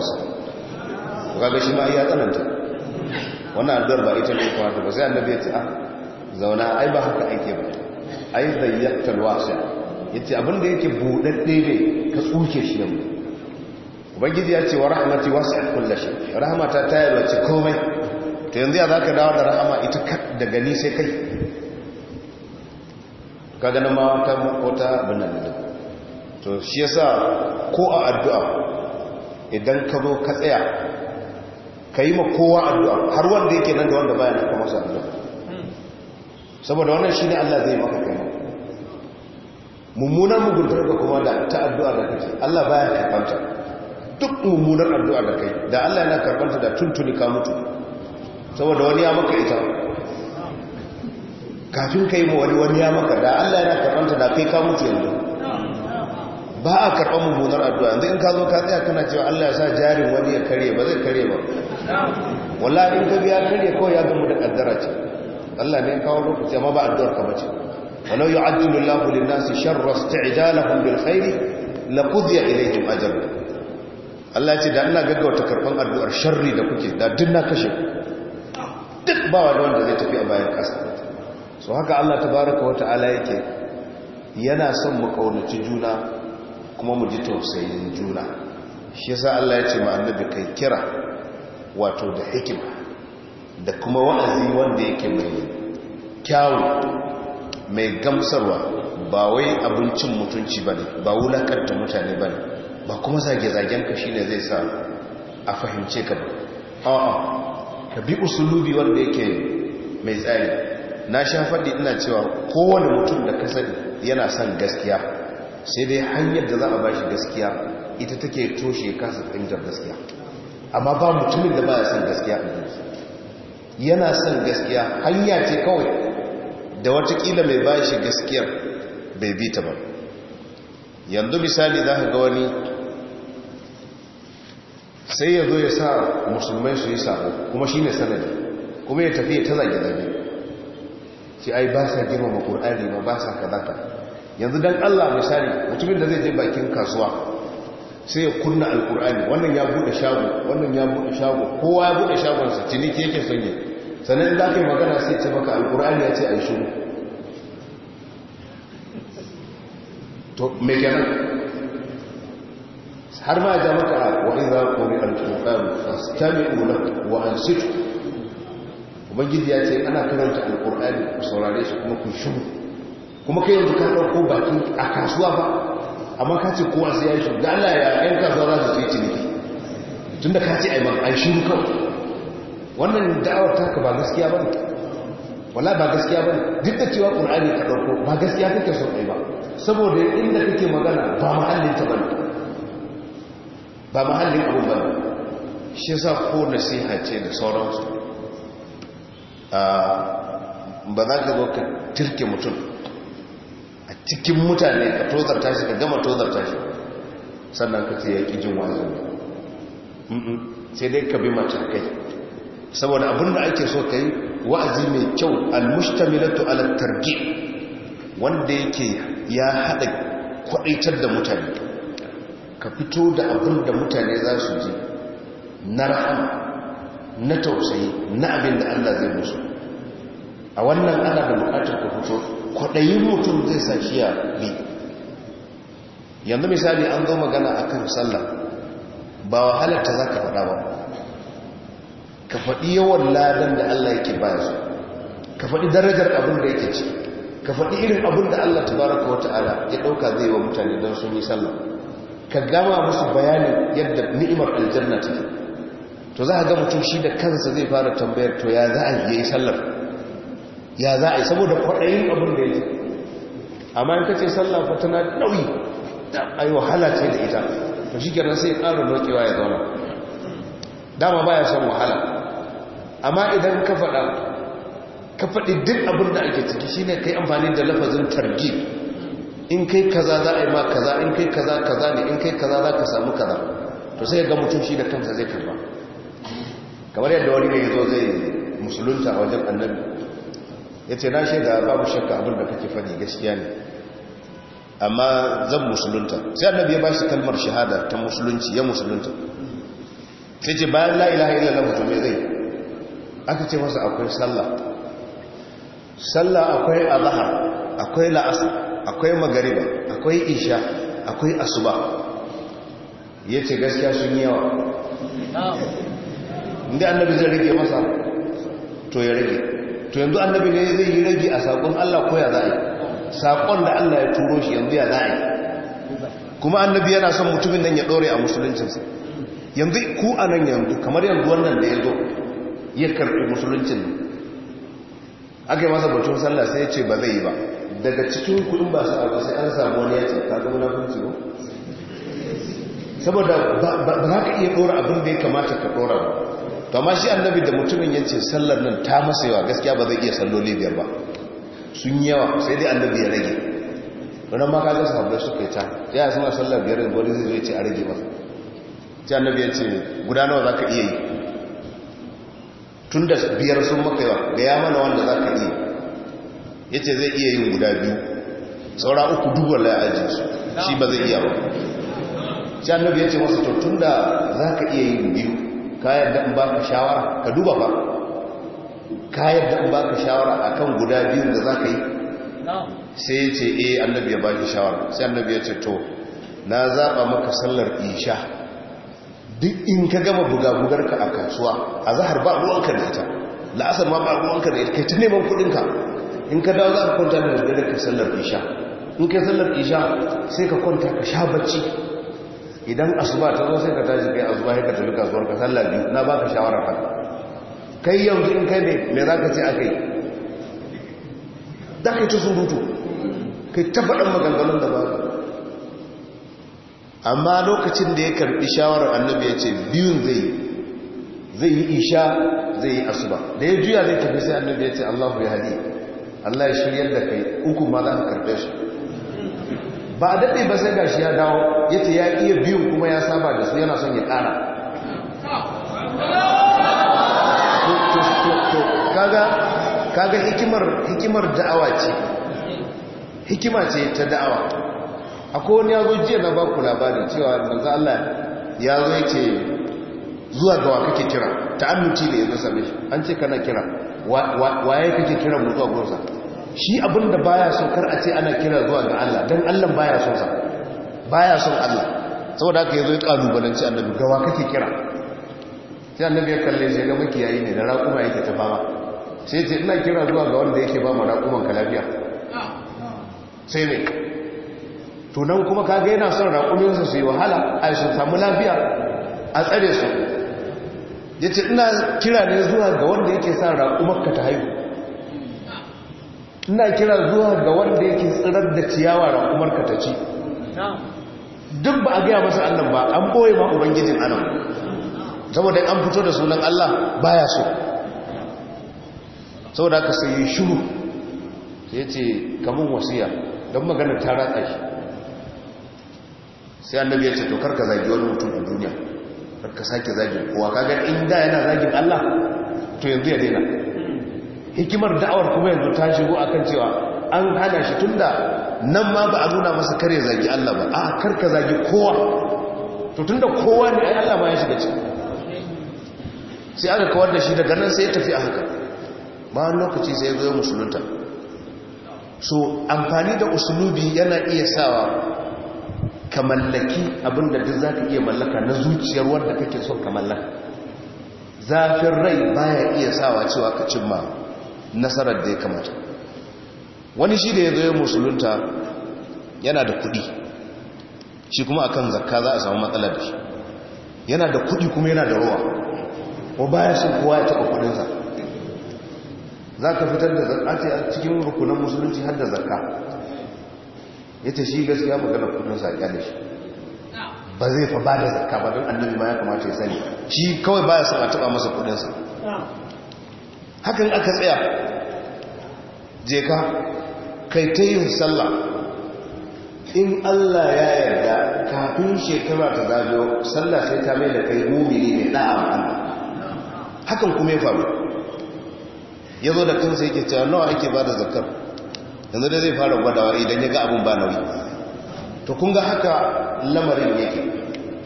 Ku ga shi ma iya tsananta wannan addu'ar ba ita ne kuma ba sai annabi ya ce a ah, zauna ai ba haka ake ba ai zayyatar wasa yace ce da yake budadde ne ka tsuke shi yamma ubangiji ya ce wa rahmati wasu a shay shi rahmata ta yi wace komai to yanzu ya zaka dawo da rahama ita kad daga ni sai kai ka ganin ma wata wata abin da to shi yasa ko a addu'a idan ka zo ka tsaya ka yi ma kowa addu'a har wanda yake nan da wanda bayan ka masa addu'a saboda wannan shi ne Allah zai maka kai mummunan mugurtar ka kuma da ta da kake Allah baya karɓanta duk mummunan addu'a da kai da Allah yana karɓanta da tuntuni ka mutu saboda wani ya maka ita kafin kai ma wani wani ya maka da Allah yana karɓanta da kai ka mutu yanzu ba a karɓar mummunar addu'a yanzu in ka zo ka tsaya kana cewa Allah ya sa jarin wani ya karye ba zai karye ba wallahi in ka biya karye kawai ya gamu da ƙaddara ce Allah ne kawo lokaci amma ba addu'ar ka bace walau yu'ajjilu Allahu lin-nasi sharra isti'jalahum bil khair la qudiya ilayhim ajruhum Allah ya ce da Allah gaggauta karban addu'ar sharri da kuke da duk na kashe duk ba wani wanda zai tafi a bayan kasa so haka Allah tabaaraka wa ta'ala yake yana son mu kaunaci juna kuma mu ji tausayin juna shi yasa Allah ya ce ma annabi kai kira wato da hikima da kuma wa'azi wanda yake mai kyawu mai gamsarwa ba wai abincin mutunci ba ne ba wulakanta mutane ba ne ba kuma zage-zagen ka shi ne zai sa a fahimce ka a'a ka bi usulubi wanda yake mai tsari na sha faɗi ina cewa kowane mutum da kasar yana son gaskiya sai dai hanyar da za a ba shi gaskiya ita take toshe kasa fahimtar gaskiya amma ba mutumin da ba ya son gaskiya a gaskiya yana son gaskiya hanya ce kawai da watakila mai ba shi gaskiyar bai bi ta ba yanzu misali za ka ga wani sai ya zo ya sa musulmai su yi sabo kuma shi ne sanadi kuma ya tafiye ta zage zage ce ai ba sa ma ƙur'ani ba ba sa kazaka yanzu don allah misali mutumin da zai je bakin kasuwa sai ya kunna alƙur'ani wannan ya buɗe shago wannan ya buɗe shago kowa ya buɗe shagonsa ciniki yake son sannan da ka yi magana sai ce maka alkur'ani ya ce a yi shuru to me kenan har ma ja maka wa iza quri al-qur'an fastami'u lahu wa ansitu ubangiji ya ce ana karanta alkur'ani ku saurare shi kuma ku shuru kuma kai yanzu ka dauko baki a kasuwa ba amma ka ce kowa sai ya yi shuru da Allah ya yan kasuwa za su ce ciniki tunda ka ce ai ma ai shuru kawai wannan da'awar taka ba gaskiya ba ne wala ba gaskiya ba ne duk da cewa ƙur'ani ka ɗauko ba gaskiya kake so ɗai ba saboda inda kake magana ba mahallin ta ba ne ba mahallin abu ba ne shi sa ko nasiha ce da sauransu ba za ka zo ka tirke mutum a cikin mutane ka tozarta shi ka gama tozarta shi sannan ka ce ya ƙi jin wazin sai dai ka bi matakai saboda abin da ake so kai wa'azi mai kyau almustamilatu ala targhib wanda yake ya hada kwadaitar da mutane ka fito da abin da mutane za su ji na rahama na tausayi na abin da Allah zai musu a wannan ana da bukatar ka fito kwadayin mutum zai sashi ya bi yanzu misali an zo magana akan sallah ba wahalar ta zaka faɗa ba ka faɗi yawan ladan da Allah yake ba su ka faɗi darajar abin da yake ci ka faɗi irin abin da Allah tabaraka wata'ala ya ɗauka zai wa mutane don sun yi sallah ka gama musu bayanin yadda ni'imar aljanna ke, to za a ga mutum shi da kansa zai fara tambayar to ya za a yi sallar ya za a yi saboda kwaɗayin abin da yake amma in kace sallah fa tana nauyi da ai wahala ce da ita to shi kenan sai ƙara nokewa ya zauna dama baya son wahala amma idan ka faɗa ka faɗi duk abin da ake ciki shine kai amfani da lafazin targib in kai kaza za a yi ma kaza in kai kaza kaza ne in kai kaza za ka samu kaza to sai ga mutum shi da kansa zai karba kamar yadda wani ne ya zo zai musulunta a wajen annabi ya ce na shaida babu shakka abin da kake fani gaskiya ne amma zan musulunta sai annabi ya ba shi kalmar shahada ta musulunci ya musulunta sai ce bayan la ilaha illallah mutum zai aka ce masa akwai sallah sallah akwai azhar akwai la'asar akwai magariba akwai isha akwai asuba yace gaskiya sun yi yawa inda annabi zai rage masa to ya rage to yanzu annabi ne zai yi rage a sakon Allah ko ya za'i sakon da Allah ya turo shi yanzu ya za'i kuma annabi yana son mutumin nan ya dore a musuluncinsa yanzu ku anan yanzu kamar yanzu wannan da ya zo ya karɓi musuluncin aka yi masa bacin sallah sai ce ba zai yi ba daga cikin kudin ba su auku sai an samu wani ya ce ta zama lafinci ba saboda ba za ka iya ɗora abin da ya kamata ka dora ba to ma shi annabi da mutumin ya ce sallar nan ta masa yawa gaskiya ba zai iya salloli biyar ba sun yawa sai dai annabi ya rage wani ma kaga sahabbai su kai ta ya suna sallar biyar da wani zai ce a rage ba sai annabi ya ce guda nawa za ka iya yi tun da biyar sun maka yawa da ya mana wanda za ka iya ya ce zai iya yin guda biyu saura uku duk wala ya ajiye su shi ba zai iya ba shi annabi ya ce masu tun da za ka iya yin biyu kayan yarda ba ka shawara ka duba ba kayan yarda ba ka shawara akan guda biyun da za ka yi sai ya ce eh annabi ya baki shawara sai annabi ya ce to na zaɓa maka sallar isha duk in ka gama buga ka a kasuwa a zahar ba ruwanka da ita la'asar ma ba ruwanka da ita kai ta neman kudinka in ka dawo za ka kwanta da daddare ka sallar isha in ka sallar isha sai ka kwanta ka sha bacci idan asuba ta zo sai ka tashi kai asuba sai ka tafi kasuwar ka sallar biyu na baka shawara fa kai yanzu in kai ne me za ka ce a kai Da kai ta ta surutu kai ta faɗin maganganun da ba ka. amma lokacin da ya karbi shawarar annabi ya ce biyun zai zai yi isha zai yi asuba da ya juya zai tafi sai annabi ya ce allahu ya hali allah ya shirya da kai uku ma za ka karbe shi ba a daɗe ba sai gashi ya dawo ya ce ya iya biyun kuma ya saba da su yana son ya ƙara kaga hikimar da'awa ce hikima ce ta da'awa akwai wani ya zo jiya na baku labarin cewa manzan Allah ya zo ya ce zuwa ga wa kake kira ta'annuci da ya zo same shi an ce kana kira waye kake kira mu zuwa gurza shi abin da baya so kar a ce ana kira zuwa ga Allah don Allah baya son sa baya son Allah saboda haka zo ya kalubalanci annabi ga wa kake kira sai annabi ya kalle shi ga makiyayi ne da raƙuma yake ta fama sai ce ina kira zuwa ga wanda yake ba mu raƙuman ka lafiya sai ne to kuma kaga yana son raƙuminsu su yi wahala a su samu lafiya a tsare su ya ce ina kira ne zuwa ga wanda yake sa raƙumarka ta haihu ina kira zuwa ga wanda yake tsirar da ciyawa raƙumarka ta ci duk ba a gaya masa annan ba an ɓoye ma ubangijin anan saboda an fito da sunan Allah baya so saboda ka sai shiru sai ce kamun wasiya don magana ta ratsa shi sai annabi ya ce to karka zagi wani mutum a duniya karka sake zagi kowa kaga inda yana zagin Allah to yanzu ya daina hikimar da'awar kuma yanzu ta shigo akan cewa an hada shi tunda nan ma ba a nuna masa kare zagi Allah ba a karka zagi kowa to tunda kowa ne ai Allah ma ya shiga ci. sai aka kawar da shi daga nan sai ya tafi a haka bayan lokaci sai ya zo musulunta so amfani da usulubi yana iya sawa ka mallaki abinda duk za ka iya mallaka na zuciyar wadda kake son ka mallaka zafin rai baya iya sawa cewa ka cimma nasarar da ya kamata wani shi da ya zo ya musulunta yana da kuɗi shi kuma akan zakka za a samu matsalar da shi yana da kuɗi kuma yana da ruwa ko baya sun kowa ya taɓa kuɗin za ka fitar da zakka cikin rukunan musulunci har da zakka ya ce shi gaskiya magana kudin sa da shi ba zai fa ba da zaka ba don annabi ma ya kamata ya sani shi kawai ba son a taba masa kudin sa hakan aka tsaya je ka kai ta yin sallah in Allah ya yarda kafin shekara ta zajo sallah sai ta mai da kai mumini ne da'a Allah hakan kuma ya faru ya zo da kansa yake cewa nawa ake ba da zakar yanzu da zai fara gwadawa idan ya ga abin ba nauyi to kun ga haka lamarin yake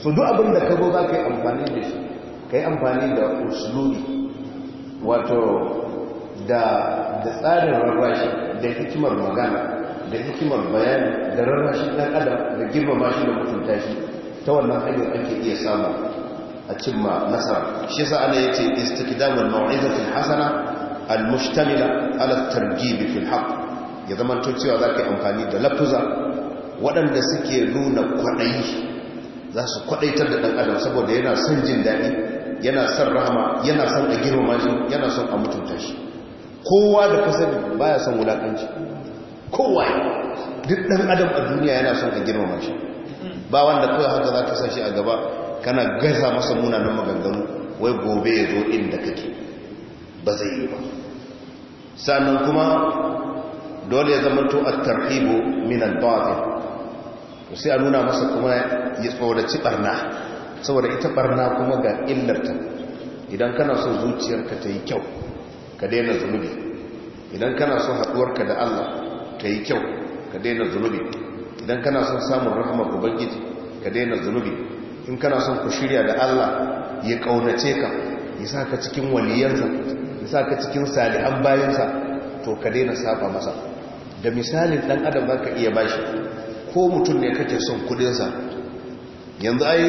so duk abin da ka zo za ka yi amfani da shi ka yi amfani da usuluri wato da tsarin rarrashi da hikimar magana da hikimar bayani da rarrashi ɗan adam da girmama shi da mutunta shi ta wannan hanyar ake iya samu a cimma nasara shi sa ana yace istikdamul mau'izatil hasana al-mushtamila ala at-targhib fil haqq ya zama cewa za ka yi amfani da lafuza waɗanda suke nuna kwaɗayi za su kwaɗaitar da ɗan adam saboda yana son jin daɗi yana son rahama yana son a girmama shi yana son a mutunta shi kowa da kasar baya son wulaƙanci kowa duk ɗan adam a duniya yana son a girmama shi ba wanda kawai haka za ka sashi a gaba kana gaza masa munanan maganganu wai gobe ya zo inda kake ba zai yi ba sannan kuma dole ya zamanto a tarhibu min ba'adun to sai a nuna masa kuma ya tsoraci barna saboda ita barna kuma ga illarta idan kana so zuciyarka ta yi kyau ka daina zunubi idan kana so haɗuwarka da Allah ta yi kyau ka daina zunubi idan kana son samun rahama ubangiji ka daina zunubi in kana son ku shirya da Allah ya ƙaunace ka ya sa ka cikin waliyansa ya sa ka cikin an bayansa to ka daina saba masa da misalin dan adam ka iya bashi ko mutum ne kake son kudinsa yanzu ai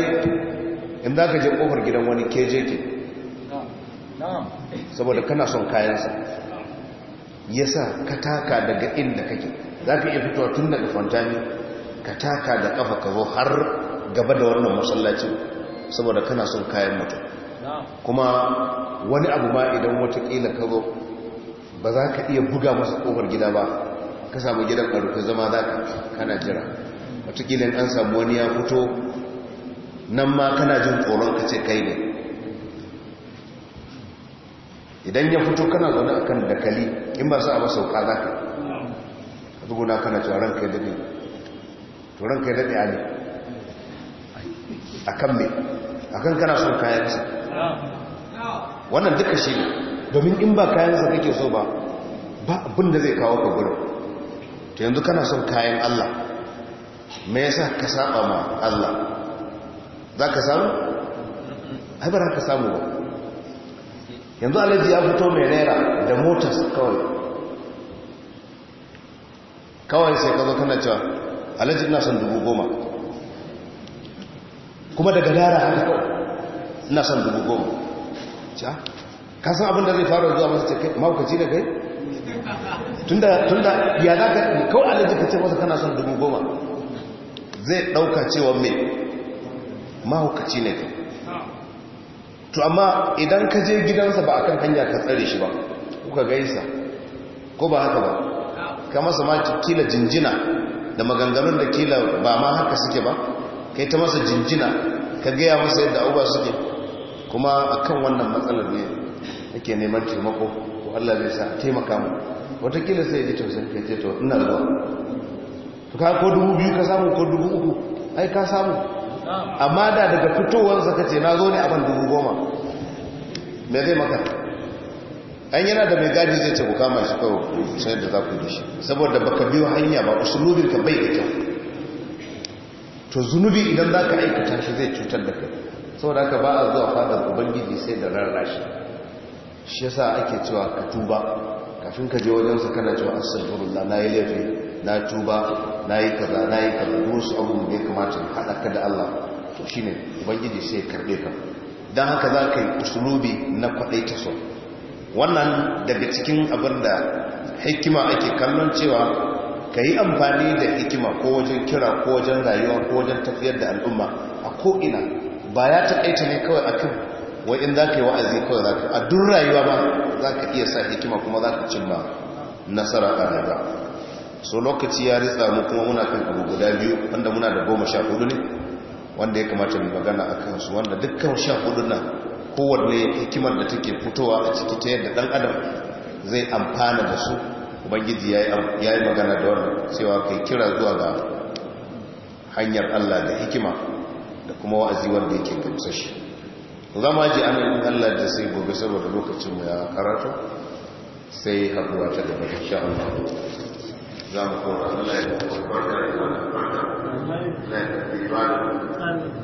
in za ka je kofar gidan wani keje ke saboda kana son kayansa ya sa ka taka daga inda kake za ka iya fitowa tun daga fantami ka taka da kafa ka zo har gaba da wannan masallacin saboda kana son kayan mutum kuma wani abu ma idan wata watakila ka zo ba za ka iya buga masa ƙofar gida ba ka samu gidan a ka zama za ka kana jira watakilin an samu wani ya fito nan ma kana jin tsoron ka ce kai ne idan ya fito kana zaune akan dakali in ba sa a sauka za ka ruguna kana tsoron kai daɗe tsoron kai daɗe a ne a kan me a kan kana son kayansa wannan duka shi ne domin in ba kayansa kake so ba ba abin da zai kawo ka to yanzu kana son kayan Allah me yasa ka saba ma Allah za ka samu? ai ba ka samu ba yanzu alaji ya fito mai naira da motas kawai kawai sai ka zo kana cewa alaji ina son dubu goma kuma daga rera haka kawai ina son dubu goma ka san abin da zai faru zuwa masu cikin maukaci da kai tunda tunda ya za ka kawai alaji ka ce masa kana son dubu goma zai ɗauka cewa mai mahaukaci ne ka to amma idan ka je gidansa ba akan hanya ka tsare shi ba kuka gaisa ko ba haka ba ka masa ma kila jinjina da maganganun da kila ba ma haka suke ba kai ta masa jinjina ka gaya masa yadda uba suke kuma akan wannan matsalar ne ake neman taimako ko Allah zai sa taimaka mu watakila sai ya ji tausayin ka ce to ina zuwa to ka ko dubu biyu ka samu ko dubu uku ai ka samu amma da daga fitowarsa ka ce na zo ne abin dubu goma me zai maka an yana da mai gadi zai ce buka kama kawo sai da za ku yi shi saboda baka biyo hanya ba usulubin ka bai da kyau to zunubi idan za ka aikata shi zai cutar da kai saboda haka ba a zuwa fadar ubangiji sai da rarrashi shi yasa ake cewa ka tuba kafin ka je wajensa kana cewa astaghfirullah na yi laifi na tuba na yi kaza na yi kaza duk wasu abubuwan da ya kamata ka haɗa da Allah to shine ubangiji sai ya karɓe ka don haka za ka yi usulubi na kwaɗai ta so wannan daga cikin abin da hikima ake kallon cewa ka yi amfani da hikima ko wajen kira ko wajen rayuwa ko wajen tafiyar da al'umma a ko'ina ba ya taƙaita ne kawai akan wai in za ka yi wa'azi kawai za ka a duk rayuwa ba za ka iya sa hikima kuma za ka cimma nasara a raga so lokaci ya ritsa mu kuma muna kan abu guda biyu wanda muna da goma sha hudu ne wanda ya kamata mu magana a kansu wanda dukkan sha hudu na kowanne hikimar da take fitowa a ciki ta yadda dan adam zai amfana da su ubangiji ya yi magana da wannan cewa kai kira zuwa ga hanyar allah da hikima da kuma wa'azi wanda yake gamsashi zama ji amin yi Allah da sai gobe saboda lokacin ya karatu sai haɗuwa ta da sha Allah za mu kora Allah ya ya